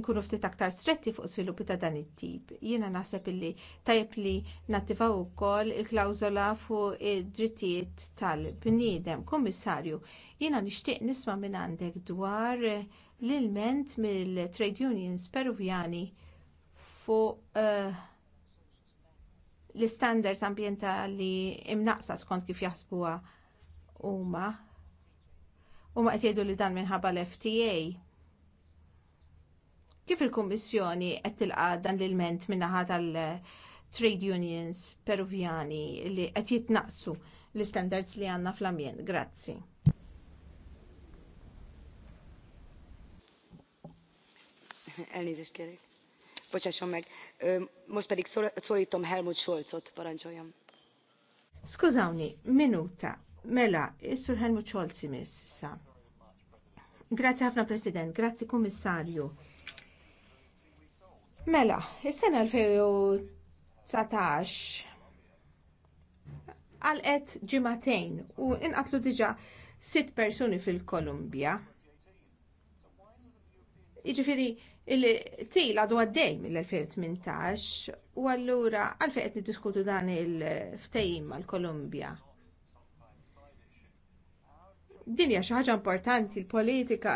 B: nkunu ftit aktar stretti fuq sviluppi ta' dan it-tip. Jiena naħseb illi tajjeb li nattivaw ukoll il-klawżola fuq id-drittijiet tal-bniedem. Kummissarju, jiena nixtieq nisma' minn għandek dwar l-ilment mill-trade unions peruvjani fuq eh, l istandards ambjentali imnaqsa skont kif jaħsbuha huma huma qed jgħidu li dan minħabba l-FTA. Kif il-Kummissjoni qed tilqa dan l-ilment min-naħa tal-trade unions peruvjani li qed jitnaqsu l-standards li għandna fl-ambjent? Grazzi.
D: Elnézést kérek.
B: meg. Most pedig szólítom Helmut Scholzot, parancsoljam. Skużawni, minuta. Mela, Sur Helmut Scholz miss issa. Grazzi ħafna President, grazie Kummissarju. Mela, is-sena 2019 għalqet ġimatejn u inqatlu diġa sitt persuni fil-Kolumbja. Jiġifieri il-til għadu għaddej mill-2018 u allura għalfejn qed niddiskutu dan il ftejim mal-Kolumbja Din hija xi ħaġa importanti l-politika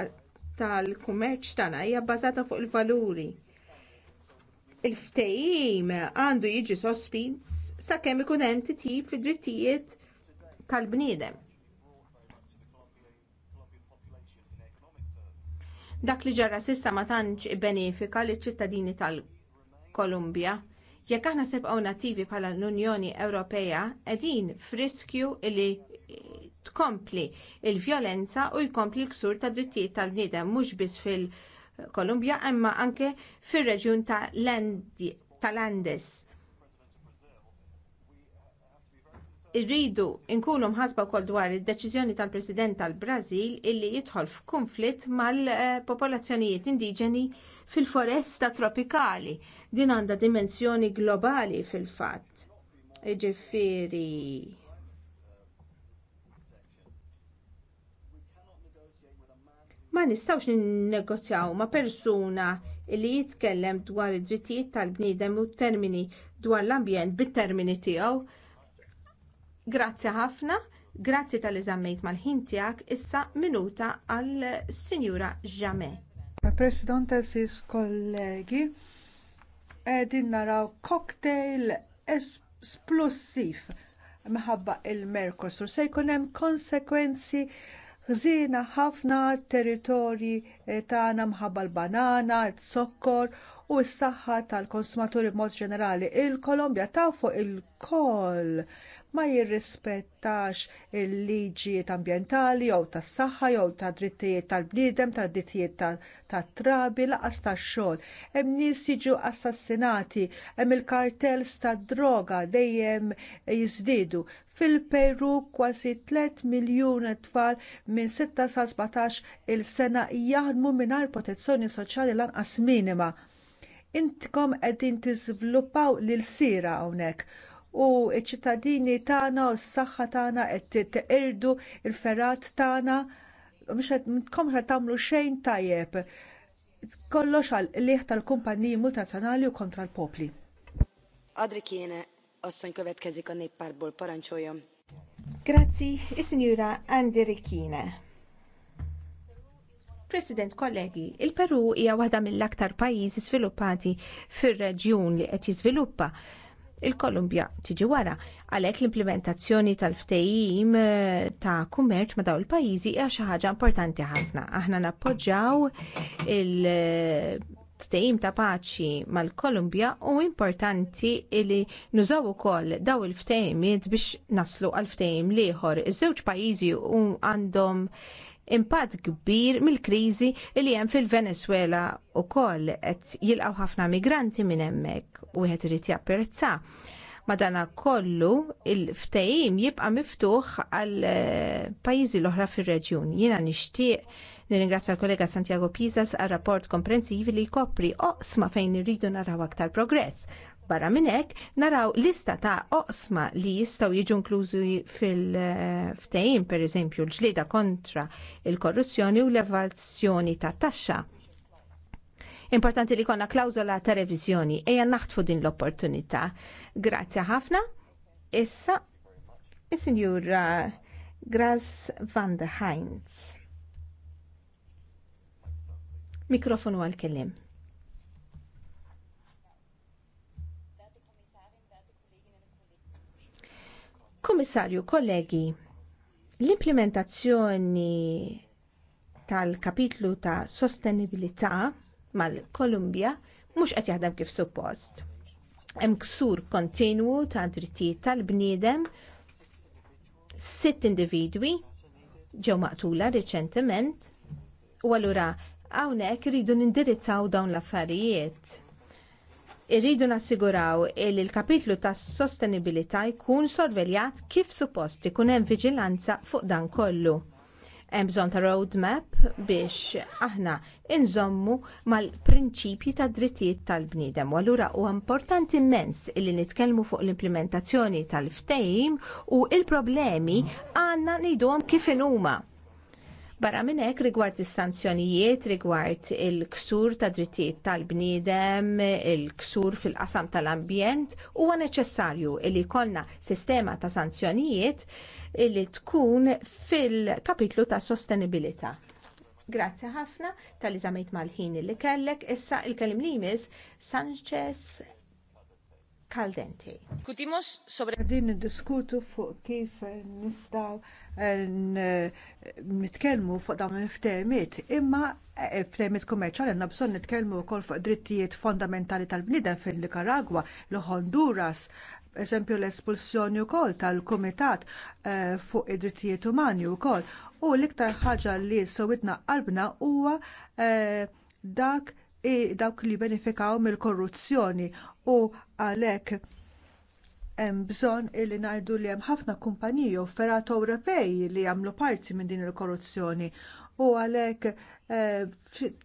B: tal-kummerċ tagħna hija bbażata fuq il-valuri. Il-ftehim għandu jiġi sospi sakemm ikun hemm titjib fid-drittijiet tal-bniedem. Dak li ġara sissa ma tantx benefika liċ ċittadini tal-Kolumbja. Jekk aħna sebqgħu nattivi bħala l-Unjoni Ewropea qegħdin friskju li tkompli il-vjolenza u jkompli l-ksur ta' drittijiet tal-bniedem mhux biss fil-Kolumbja imma anke fir-reġjun tal-Andes. irridu nkunu mħasba wkoll dwar id-deċiżjoni tal-President tal-Brażil illi jidħol f'kunflitt mal-popolazzjonijiet indiġeni fil-foresta tropikali. Din għandha dimensjoni globali fil-fatt. Ġifieri Ma nistgħux ninnegozjaw ma' persuna li jitkellem dwar id-drittijiet tal-bniedem u termini dwar l-ambjent bit-termini tiegħu. Grazzi ħafna, grazzi tal-eżammejt mal-ħin tiegħek, issa minuta
C: għal-Sinjura Jamé. President Assis kollegi, qegħdin naraw cocktail esplussiv minħabba il-Mercosur se jkun hemm konsegwenzi ħżiena ħafna territorji eh, tagħna mħabba l-banana, t-sokkor u s-saħħa tal-konsumaturi b'mod ġenerali. Il-Kolombja ta' fuq il-koll ma jirrispettax il-liġijiet ambjentali jew tas-saħħa jew tad drittijiet tal-bniedem, tad drittijiet tat-trabi, laqas tax-xogħol. Hemm nies jiġu assassinati, hemm il-kartels tad-droga dejjem jiżdiedu. Fil-Peru kważi 3 miljun tfal minn 6 sa 17 il-sena jaħdmu mingħajr protezzjoni soċjali lanqas minima intkom qegħdin tiżviluppaw lil sira hawnhekk u ċ-ċittadini tagħna u s-saħħa tagħna qed teqirdu l ferat tagħna kom qed tagħmlu xejn tajjeb. Kollox għal liħ tal-kumpaniji multinazzjonali u kontra l-popli.
B: Adri kiene, ossan kazi konni parbol
C: parancsoljon.
B: Grazzi, is-Sinjura Andi Rikina. President kollegi, il-Peru hija waħda mill-aktar pajjiżi sviluppati fir-reġjun li qed jiżviluppa il-Kolumbja tiġi wara. Għalhekk l-implementazzjoni tal-ftehim eh, ta' kummerċ ma' dawn il-pajjiżi hija xi ħaġa importanti ħafna. Aħna nappoġġjaw il- ftehim ta' paċi mal-Kolumbja u importanti li nużaw ukoll daw il-ftehimiet biex naslu għal ftehim liħor. Iż-żewġ pajjiżi għandhom impatt kbir mill-kriżi li hemm fil-Venezuela wkoll qed jilqgħu ħafna migranti minn hemmhekk u wieħed irid japprezza. Madana kollu il-ftehim jibqa' miftuħ għal eh, pajjiżi l-oħra fir-reġjun. Jiena nixtieq Nirringrazzja l-kollega Santiago Pizas għal rapport komprensivi li jkopri oqsma fejn irridu naraw aktar progress. Barra minn hekk naraw lista ta' oqsma li jistgħu jiġu inklużi fil-ftehim, pereżempju l-ġlieda kontra il-korruzzjoni u l-evazzjoni ta' taxxa. Importanti li konna klawzola ta' reviżjoni ejja naħtfu din l-opportunità. Grazzi ħafna. Issa is sinjur Gras van der Heinz. Mikrofonu għal-kellim. Komissarju, kollegi, l-implementazzjoni tal-kapitlu ta' sostenibilità mal-Kolumbja mhux qed jaħdem kif suppost. Hemm ksur kontinwu ta' drittijiet tal-bniedem sitt individwi ġew maqtula riċentement u allura hawnhekk iridu nindirizzaw dawn l-affarijiet irridu nassiguraw li l-kapitlu tas sostenibilità jkun sorveljat kif suppost ikun hemm viġilanza fuq dan kollu. Hemm bżonn ta' roadmap biex aħna inżommu mal-prinċipji ta' drittijiet tal-bniedem. U allura huwa importanti immens li nitkellmu fuq l-implementazzjoni tal-ftehim u l problemi għandna ngħiduhom kif inhuma. huma Barra minn hekk rigward is-sanzjonijiet, rigward il-ksur ta' drittijiet tal-bniedem, il-ksur fil-qasam tal-ambjent, huwa neċessarju li jkollna sistema ta' sanzjonijiet li tkun fil-kapitlu ta' sostenibilità. Grazzi ħafna tal-li mal-ħin li kellek. Issa il-kelim
C: Sanchez kaldenti. Kutimos sobre. Din diskutu fuq kif nistaw eh, nitkelmu fuq dawn il-ftemiet, imma eh, ftemiet kummerċali għanna bżon nitkelmu wkoll fuq drittijiet fondamentali tal-bnidem fil-Nikaragwa, l-Honduras, eżempju l-espulsjoni wkoll tal-Kumitat eh, fuq id-drittijiet umani wkoll. U l-iktar ħaġa li sowitna qalbna huwa dak dawk li benefikaw mill-korruzzjoni u għalhekk hemm bżonn illi ngħidu li hemm ħafna kumpaniji offerat Ewropej li jagħmlu parti minn din il-korruzzjoni u għalhekk eh,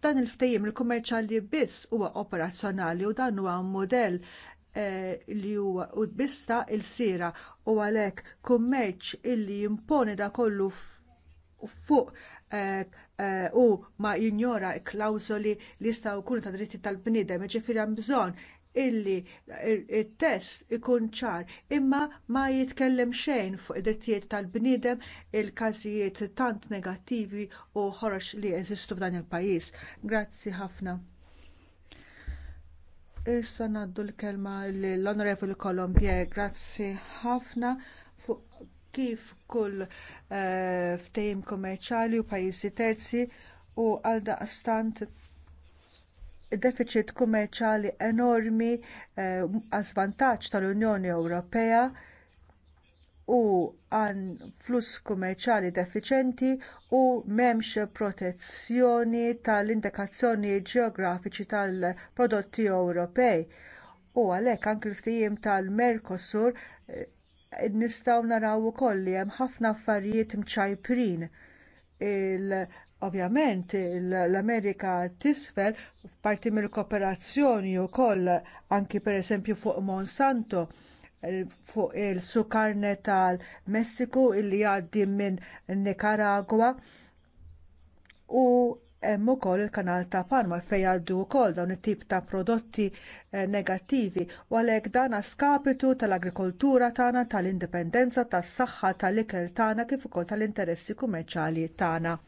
C: dan il-ftehim il kummerċjali biss huwa operazzjonali u dan huwa mudell eh, li huwa u bista il-sira u għalhekk kummerċ illi jimponi da kollu fuq eh, u ma jinjora klawżoli li jistgħu jkunu ta' dritti tal-bniedem, ġifieri hemm bżonn illi il-test ikun ċar imma ma jitkellem xejn fuq id-drittijiet tal-bniedem il-każijiet tant negattivi u ħorox li jeżistu f'dan il-pajjiż. Grazzi ħafna. Issa ngħaddu l-kelma l-Onorevoli Kolombier, grazzi ħafna fuq kif kull eh, ftehim kummerċjali u pajjiżi terzi u għaldaqstant deficit kummerċjali enormi eh, għal svantaġġ tal-Unjoni Ewropea u għan fluss kummerċjali defiċenti u m'hemmx protezzjoni tal-indikazzjoni ġeografiċi tal-prodotti Ewropej. U għalhekk anke l ftijiem tal-Mercosur eh, nistgħu naraw ukoll li hemm ħafna affarijiet mċajprin il Ovvjament l-Amerika tisfel parti mill-kooperazzjoni wkoll anki pereżempju fuq Monsanto fuq il-sukarne tal-Messiku illi għaddi minn Nikaragwa u hemm ukoll il-kanal ta' Panama fejn għaddu wkoll dawn it-tip ta' prodotti eh, negattivi u għalhekk dan skapitu tal-agrikoltura tagħna, tal-indipendenza, tas-saħħa tal-ikel tagħna kif ukoll tal-interessi kummerċjali tagħna.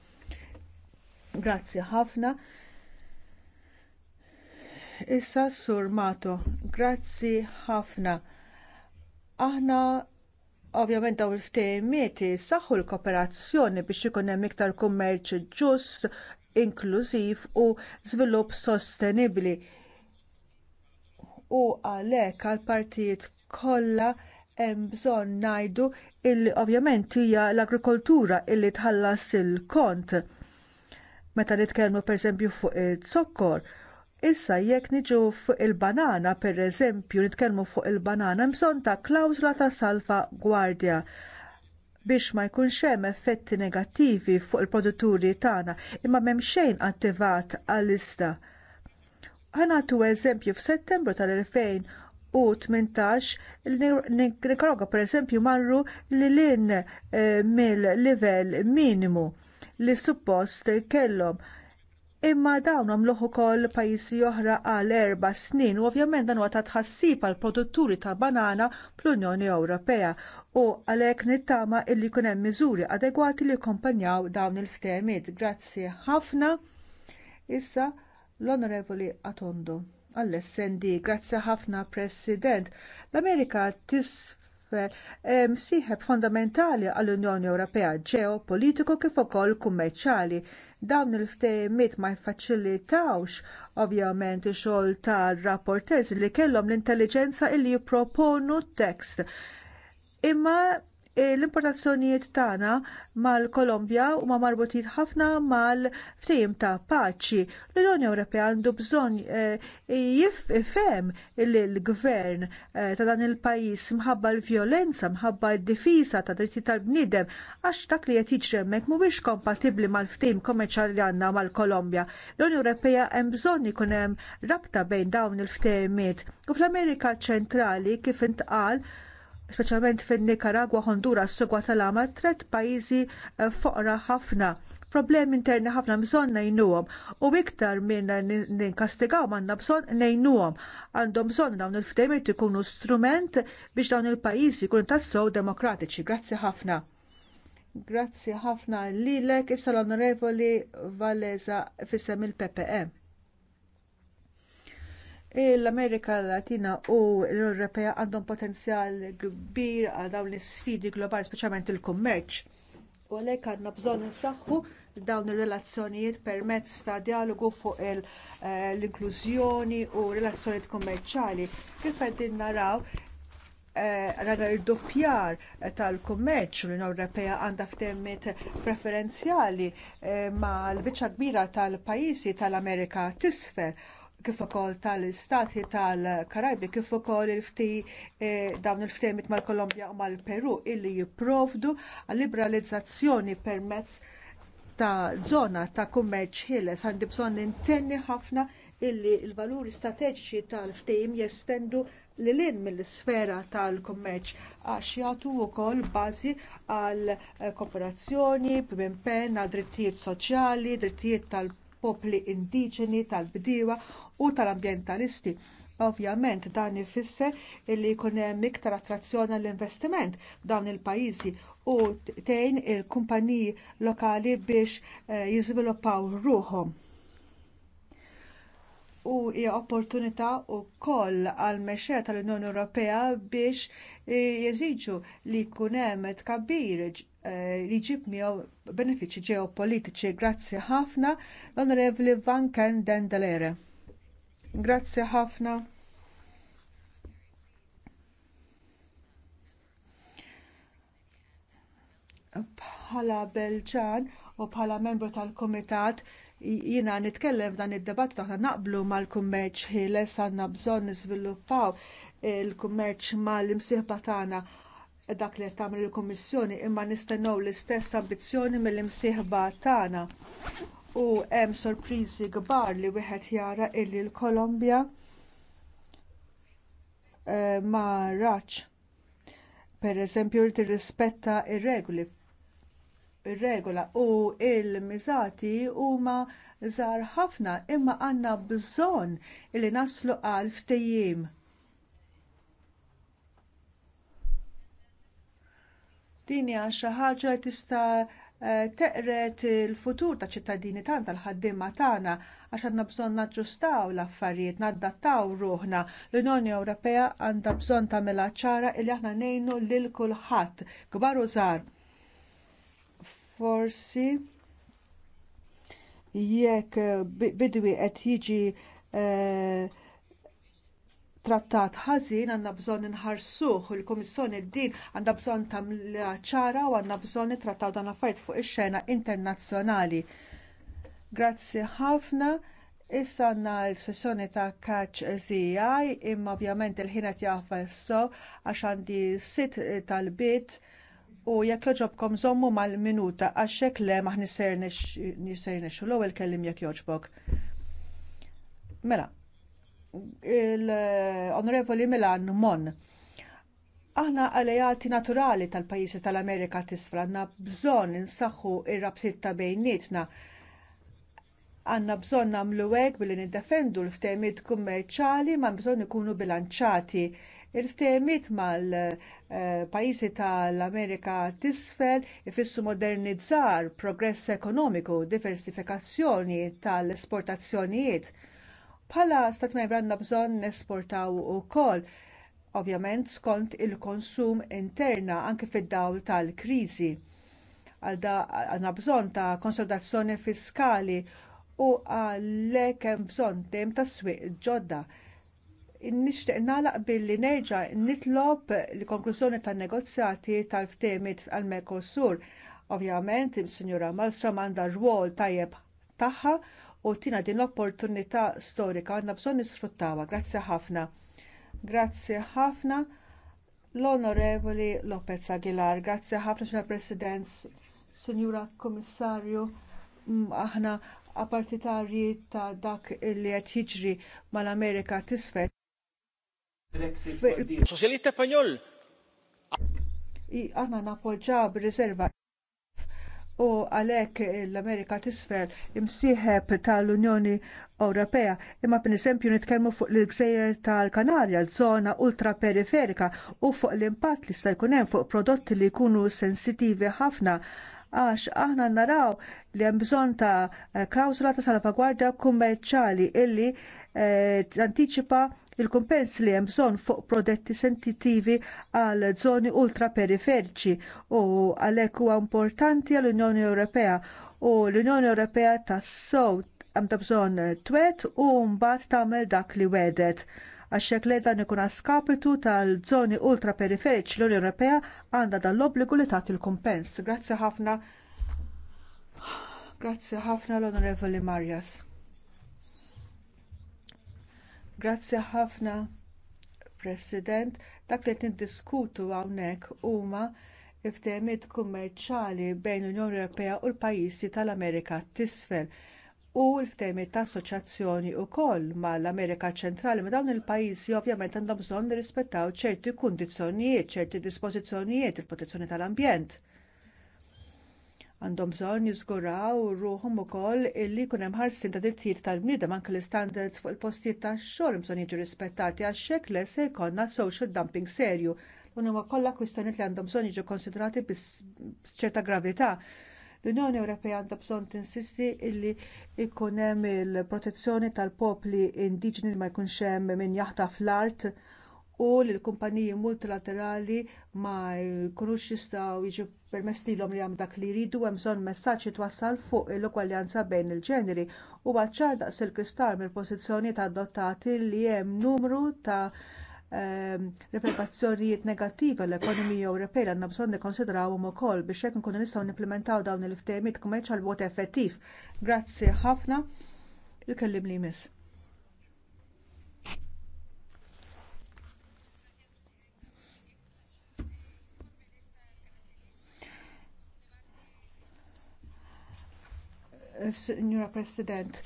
C: Grazzi ħafna. Issa Sur Mato, grazzi ħafna. Aħna ovvjament dawn il-ftehimiet saħħu l-kooperazzjoni biex ikun hemm iktar kummerċ ġust, inklużiv u żvilupp sostenibbli. U għalhekk għall partijiet kollha hemm bżonn ngħidu li ovvjament hija l-agrikoltura illi tħallas il-kont. il kont meta nitkellmu pereżempju fuq it zokkor issa jekk niġu fuq il-banana pereżempju nitkellmu fuq il-banana bżonn ta' klawżla ta' gwardja biex ma jkunx hemm effetti negattivi fuq il-produtturi tagħna imma m'hemm xejn attivat għall-ista. Ħanatu eżempju f'Settembru tal 2018 u pereżempju il per marru li lin eh, mill-livell minimu li suppost kellhom. Imma dawn għamluh ukoll pajjiżi oħra għal erba' snin u ovvjament dan huwa ta' tħassib għall produtturi ta' banana fl-Unjoni Ewropea u għalhekk nittama illi jkun hemm miżuri adegwati li jkompanjaw dawn il-ftehmiet. Grazzi ħafna. Issa l-Onorevoli Atondo. Għall-SND, grazzi ħafna President. L-Amerika tis l-iktar msieħeb fondamentali għall-Unjoni Ewropea ġeopolitiku kif ukoll kummerċjali. Dawn il-ftehimiet ma jfaċilitawx ovvjament ix-xogħol tar-rapporters li kellhom l-intelligenza illi jipproponu tekst. Imma L-importazzjonijiet tagħna mal-Kolombja huma marbutin ħafna mal-ftehim ta' paċi. L-Unjoni Ewropea għandu bżonn eh, jifhem l gvern eh, ta' dan il-pajjiż mħabba l-vjolenza, mħabba d-difiża ta' dritti tal-bniedem għax dak li qed jiġri hemmhekk mhuwiex kompatibbli mal-ftehim kommerċjali li għandna mal-Kolombja. L-Unjoni Ewropea hemm bżonn ikun hemm rabta bejn dawn il-ftehimiet. U fl-Amerika ċentrali kif intqal speċjalment fin-Nikaragwa, Honduras, Guatemala, tret pajjiżi eh, foqra ħafna problemi interni ħafna bżonn ngħinuhom u iktar minn ninkastigaw għandna bżonn ngħinuhom. Għandhom bżonn dawn il-ftehimiet ikunu strument biex dawn il-pajjiżi jkunu tassew demokratiċi. Grazzi ħafna. Grazzi ħafna lilek issa l-Onorevoli Valeza fissem il-PPE l-Amerika Latina u l-Ewropea għandhom potenzjal kbir għal dawn l-isfidi globali, speċjalment il-kummerċ. U għalhekk għandna bżonn insaħħu dawn ir-relazzjonijiet permezz ta' dijalogu fuq eh, l-inklużjoni u relazzjonijiet kummerċjali. Kif qegħdin naraw eh, rada r doppjar tal-kummerċ l-Unjoni Ewropea għandha f'temmiet preferenzjali eh, ma' l-biċċa kbira tal-pajjiżi tal-Amerika tisfel kif ukoll tal-istati tal-Karajbi kif ukoll il-fti eh, dawn il-ftehmit mal-Kolombja u mal-Peru illi jipprovdu għal-liberalizzazzjoni permezz ta' żona ta' kummerċ ħieles għandi bżonn intenni ħafna illi l valuri strateġiċi tal-ftehim jestendu li lin mill-sfera tal-kummerċ għax jagħtu wkoll bażi għal kooperazzjoni, pimpen, għal drittijiet soċjali, drittijiet tal popli indiġeni tal-bdiewa u tal-ambjentalisti. Ovvjament dan ifisser li jkun hemm iktar attrazzjoni għall-investiment f'dawn il-pajjiżi u tgħin il-kumpaniji lokali biex eh, jiżviluppaw ruhom. U hija opportunità wkoll għall mexxej tal-Unjoni Ewropea biex eh, jeżiġu li jkun hemm tkabbir jġib eh, miegħu benefiċċji ġeopolitiċi. Grazzi ħafna l-Onorevoli Van Ken Dendelere. Grazzi ħafna. Bħala Belġan u bħala membru tal-Komitat jina nitkellem f'dan id-debatt taħna naqblu mal-kummerċ ħieles għandna bżonn niżviluppaw il-kummerċ mal-imsieħba tagħna dak li qed tagħmel il-Kummissjoni imma nistennew l-istess ambizzjoni mill-imsieħba tagħna u hemm sorpriżi kbar li wieħed jara illi l-Kolombja eh, ma raċ pereżempju li tirrispetta ir-regoli ir-regola u l-miżati huma żgħar ħafna imma għandna bżonn li naslu għal ftehim Din hija xi ħaġa tista' eh, teqret il-futur taċ ċittadini tagħna tal-ħaddiema tagħna għax għandna bżonn naġġustaw l-affarijiet, naddattaw ruħna. L-Unjoni Ewropea għandha bżonn tagħmilha ċara li aħna ngħinu lil kulħadd, kbar u żgħar. Forsi jekk bidwi qed jiġi eh, trattat ħażin għandna bżonn inħarsuh u l-Kummissjoni din għandha bżonn tagħmilha ċara u għandna bżonn nittrattaw dan affarijiet fuq ix-xena internazzjonali. Grazzi ħafna. Issa għandna l-sessjoni ta' kaċ zijaj, imma ovvjament il ħinet qed jaffesso għax għandi sitt talbiet u jekk joġobkom żommu mal-minuta għax hekk le maħ nisser nixxu l-ewwel kellim jekk joġbok. Mela, l onorevoli Milan Mon. Aħna għalejati naturali tal-pajjiżi tal-Amerika tisfra għandna bżonn insaħħu ir-rabtiet ta' bejnietna. Għandna bżonn nagħmlu hekk billi niddefendu l-ftehmiet kummerċjali ma bżonn ikunu bilanċati. Il-ftehmiet mal-pajjiżi eh, tal-Amerika tisfel ifissu modernizzar progress ekonomiku, diversifikazzjoni tal-esportazzjonijiet Bħala stat membra għandna bżonn nesportaw ukoll ovvjament skont il-konsum interna anke fid-dawl tal-kriżi. Għandna bżonn ta' konsolidazzjoni fiskali u għalhekk hemm bżonn dejjem ta' swieq ġodda. Nixtieq nagħlaq billi nerġa' nitlob l-konklużjoni tan-negozjati tal-ftehmiet għall-Mercosur. Ovvjament, il-Sinjura Malmström għandha rwol tajjeb tagħha u tina din l-opportunità storika għandna bżonn nisfruttawha. Grazzi ħafna. Grazzi ħafna l-Onorevoli Lopez Aguilar. Grazzi ħafna xna President, Sinjura Komissarju, mm, aħna appartitarji ta' dak li qed jiġri mal-Amerika t'isfel.
A: Soċjalista Spanjol.
C: Aħna napoġġaw bir u għalhekk l-Amerika t'isfel imsieħeb tal-Unjoni Ewropea imma pereżempju nitkellmu fuq l-Gżejjer tal-Kanarja, l-żona ultraperiferika u fuq l-impatt li sta jkun hemm fuq prodotti li jkunu sensittivi ħafna għax aħna naraw li hemm bżonn ta' klawsula ta' salvagwardja kummerċjali illi eh, tantiċipa eh, il-kumpens li hemm bżonn fuq prodetti sentittivi għal żoni ultraperiferiċi u għalhekk huwa importanti għall unjoni Ewropea u l-Unjoni Ewropea tas-sow għamda bżonn twet u mbagħad tagħmel dak li wedet għax hekk le dan ikun skapitu tal-żoni ultraperiferiċi l-Unjoni Ewropea għandha dan l-obbligu li tagħti l-kumpens. Grazzi ħafna. Grazzi ħafna l-Onorevoli Marjas. Grazzi ħafna, President, dak li niddiskutu hawnhekk huma ftehimiet kummerċjali bejn l-Unjoni Ewropea u l-pajjiżi tal-Amerika t'isfel u l-ftehimiet ta' assoċjazzjoni wkoll mal-Amerika ċentrali ma' dawn il-pajjiżi ovvjament għandhom bżonn nirrispettaw ċerti kundizzjonijiet, ċerti dispożizzjonijiet il-protezzjoni tal-ambjent għandhom bżonn jiżguraw ruhom ukoll illi jkun hemm ħarsien ta' drittijiet tal-bniedem anke l-istandards fuq il-postijiet tax-xogħol bżonn jiġu rispettati għax-xekk le se jkollna social dumping serju. U huma kollha kwistjonijiet li għandhom bżonn jiġu konsidrati b'ċerta gravità. L-Unjoni Ewropea għandha bżonn tinsisti illi jkun hemm il-protezzjoni tal-popli indiġeni ma jkunx hemm min jaħtaf l-art u li l-kumpaniji multilaterali ma jkunux jistgħu jiġu permessilhom li jagħmlu dak li jridu hemm bżonn messaġġ jitwassal fuq l-ugwaljanza bejn il-ġeneri u ċar daqs il mill-pożizzjonijiet adottati li hemm numru ta' ehm, reperkussjonijiet negattivi għall ekonomija Ewropea għandna bżonn nikkonsidrawhom ukoll biex hekk nkunu nistgħu nimplementaw dawn il-ftehimiet kummerċjali b'mod effettiv. Grazzi ħafna. Il-kellim li miss. Signora President.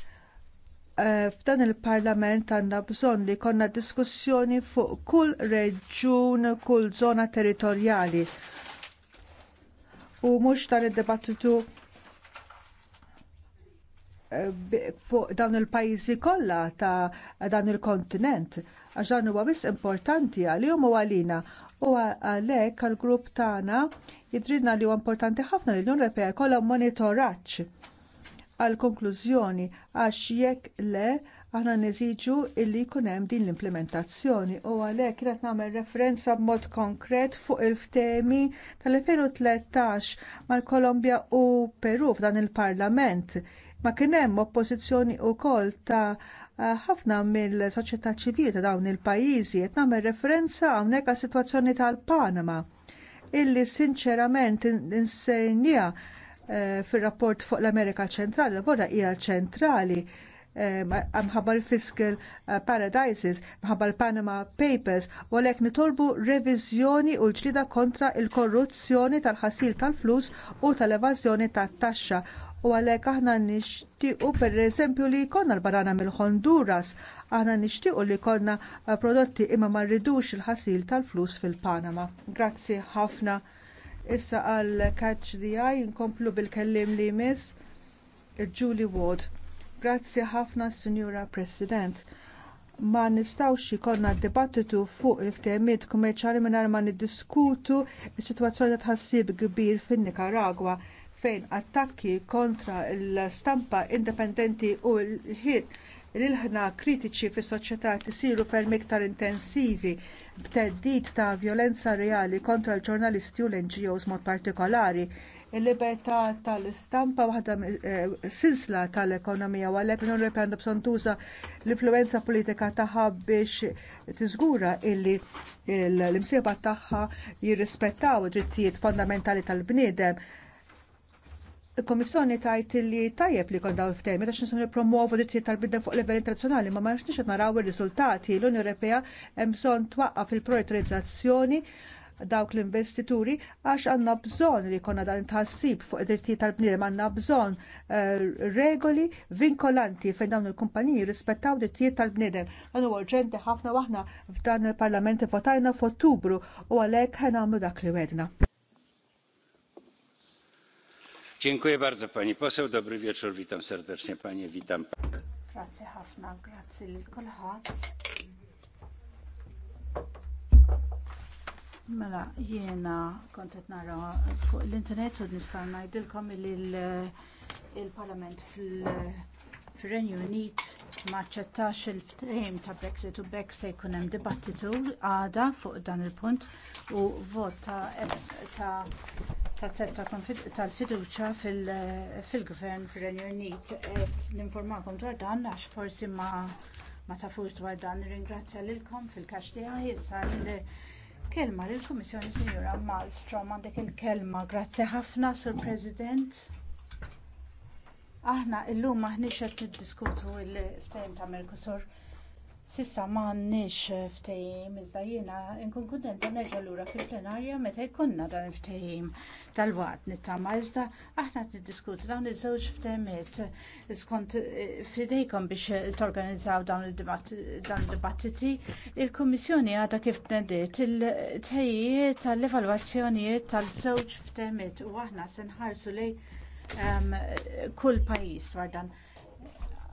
C: Eh, f'dan il-Parlament għandna bżonn li konna diskussjoni fuq kull reġjun, kull żona territorjali. U mhux dan id-dibattitu eh, fuq dawn il-pajjiżi kollha ta' dan il-kontinent għax dan huwa biss importanti għalihom u għalina. U għalhekk għall-grupp tagħna jidrilna li huwa importanti ħafna li l-Unjoni Ewropea jkollha monitoraġġ għal konklużjoni għax jekk le aħna neżiġu illi jkun hemm din l-implementazzjoni u għalhekk kienet nagħmel referenza b'mod konkret fuq il-ftemi tal-2013 mal-Kolombja u Peru f'dan il-Parlament. Ma kien hemm oppożizzjoni wkoll ta' ħafna mill-soċjetà ċivili ta' dawn il-pajjiżi qed nagħmel referenza hawnhekk għas-sitwazzjoni tal-Panama illi sinċerament insejnija in Eh, fir-rapport fuq l-Amerika ċentrali, l-vora hija ċentrali eh, mħabba l-Fiscal eh, Paradises, mħabba l-Panama Papers, u għalhekk nitolbu reviżjoni u l-ġlida kontra l korruzzjoni tal-ħasil tal-flus u tal-evażjoni tat-taxxa. U għalhekk aħna nixtiequ pereżempju li jkollna l-barana mill-Honduras, aħna nixtiequ li jkollna prodotti imma ma rridux il-ħasil tal-flus fil-Panama. Grazzi ħafna. Issa għal catch the eye inkomplu bil-kellim li jmiss Julie Ward. Grazzi ħafna, Signora President. Ma nistawx ikonna dibattitu fuq il-ftehmiet kummerċali mingħajr ma niddiskutu s-sitwazzjoni ta' tħassib kbir fin-Nikaragwa fejn attakki kontra l-stampa indipendenti u l-ħin li l-ħna kritiċi fis soċjetà tisiru ferm iktar intensivi b'teddid ta' vjolenza reali kontra l-ġurnalisti u l-NGOs mod partikolari il-libertà tal-istampa waħda eh, silsla tal-ekonomija u għalhekk l-Unjoni Ewropea bżonn tuża l-influenza politika tagħha biex tiżgura illi l-imsieba tagħha jirrispettaw id-drittijiet fondamentali tal-bniedem il-Komissjoni tajt li tajjeb li kon daw ftehim, meta x'nisu nippromovu dritti tal-bidda fuq level internazzjonali, ma ma nixed naraw ir-riżultati l-Unjoni Ewropea hemm bżonn twaqqaf il-prioritizzazzjoni dawk l-investituri għax għandna bżonn li konna dan tħassib fuq id-dritti tal-bniedem għandna bżonn eh, regoli vinkolanti fejn dawn il-kumpaniji rispettaw drittijiet tal-bniedem. Għandu urġenti ħafna waħna f'dan il-Parlament votajna f'Ottubru u għalhekk ħen għamlu dak li wedna.
A: Dziękuję bardzo pani poseł. Dobry wieczór. Witam serdecznie panie, witam.
D: Grazie ħafna, lil Mela, jiena kont qed nara fuq l-internet u nista' ngħidilkom l-Parlament renju Unit ma ċettax il-ftehim ta' Brexit u Brexit se jkun hemm dibattitu għada fuq dan il-punt u vot ta' tal-fiduċja fil-gvern fir-Renju Unit qed ninformakom dwar dan għax forsi ma ma tafux dwar dan ringrazzja lilkom fil-kaċ tiegħi issa l-kelma lill-Kummissjoni Sinjura Malmstrom għandek il-kelma. Grazzi ħafna sur President. Aħna illum maħniex qed niddiskutu l-tejn ta' Mercosur. Sissa m'għandniex eh, ftehim iżda jiena nkun kuntenta nerġa' lura fil-plenarja meta jkollna dan il-ftehim tal-waqt nittama' iżda aħna niddiskutu dawn iż-żewġ ftehimiet eh, skont eh, fidejkom biex torganizzaw dawn id-dibattiti. Il-Kummissjoni għadha kif tnediet il-tejjiet tal-evalwazzjonijiet tal-żewġ ftehimiet u aħna se nħarsu lejn ehm, kull pajjiż dwar dan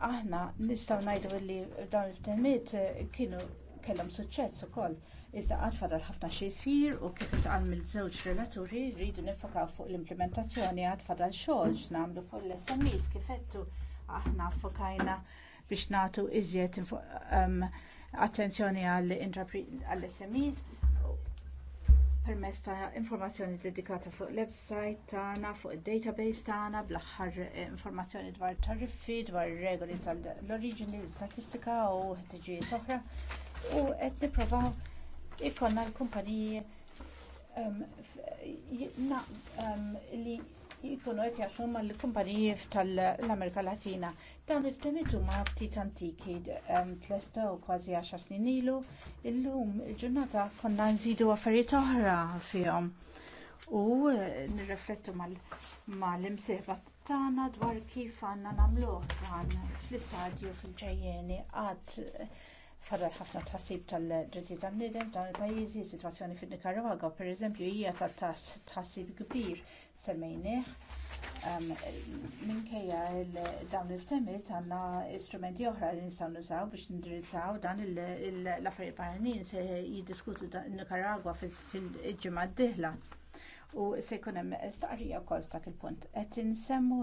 D: aħna nistgħu ngħidu li dawn il-ftehmiet eh, kienu kellhom suċċess ukoll. Iżda qatt fadal ħafna xi jsir u kif intqal mill-żewġ relaturi rridu nifokaw fuq l-implementazzjoni għad fadal xogħol x'nagħmlu fuq l-SMEs kif għettu aħna fokajna biex nagħtu iżjed ehm, attenzjoni għall-SMEs permezz ta' informazzjoni dedikata fuq il-website tagħna, fuq id database tagħna, bl-aħħar eh, informazzjoni dwar it tariffi, dwar ir-regoli tal-oriġini, statistika u ħtiġijiet oħra. U qed nippruvaw ikollna l-kumpaniji ehm, ehm, li jkunu qed jaħdmu mal-kumpaniji tal-Amerika Latina. Dan il semiet huma ftit antiki um, tlesta u kważi għaxar snin ilu, illum il-ġurnata konna nżidu affarijiet oħra fihom. U eh, l mal t tagħna dwar kif għandna namlu dan fl-istadju fil-ġejjeni għad eh, fadal ħafna tħassib tal-dritti tal-nidem dawn il-pajjiżi, is-sitwazzjoni fin nikaragwa pereżempju hija ta' tħassib kbir semmejnieh minkejja dawn il-ftemiet għandna strumenti oħra li nistgħu nużaw biex nindirizzaw dan l-affarijiet barranin se jiddiskutu Nikaragwa fil-ġimgħa d dihla U se jkun hemm staqrija wkoll f'dak il-punt. Qed insemmu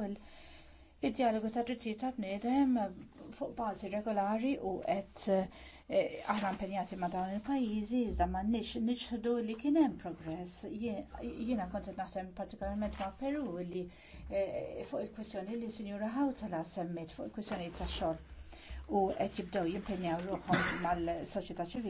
D: id-dialogu ta' drittijiet ta' bniedem fuq bażi regolari u qed Eh, aħna impenjati ma' dawn il-pajjiżi iżda m'għandniex niġħdu li kien hemm progress. Jiena kont qed naħdem partikolarment ma' Peru li eh, fuq il-kwistjoni li Sinjura Hawtala semmit fuq il-kwistjoni tax-xogħol u qed jibdew jimpenjaw ruħhom mal-soċjetà ċivili.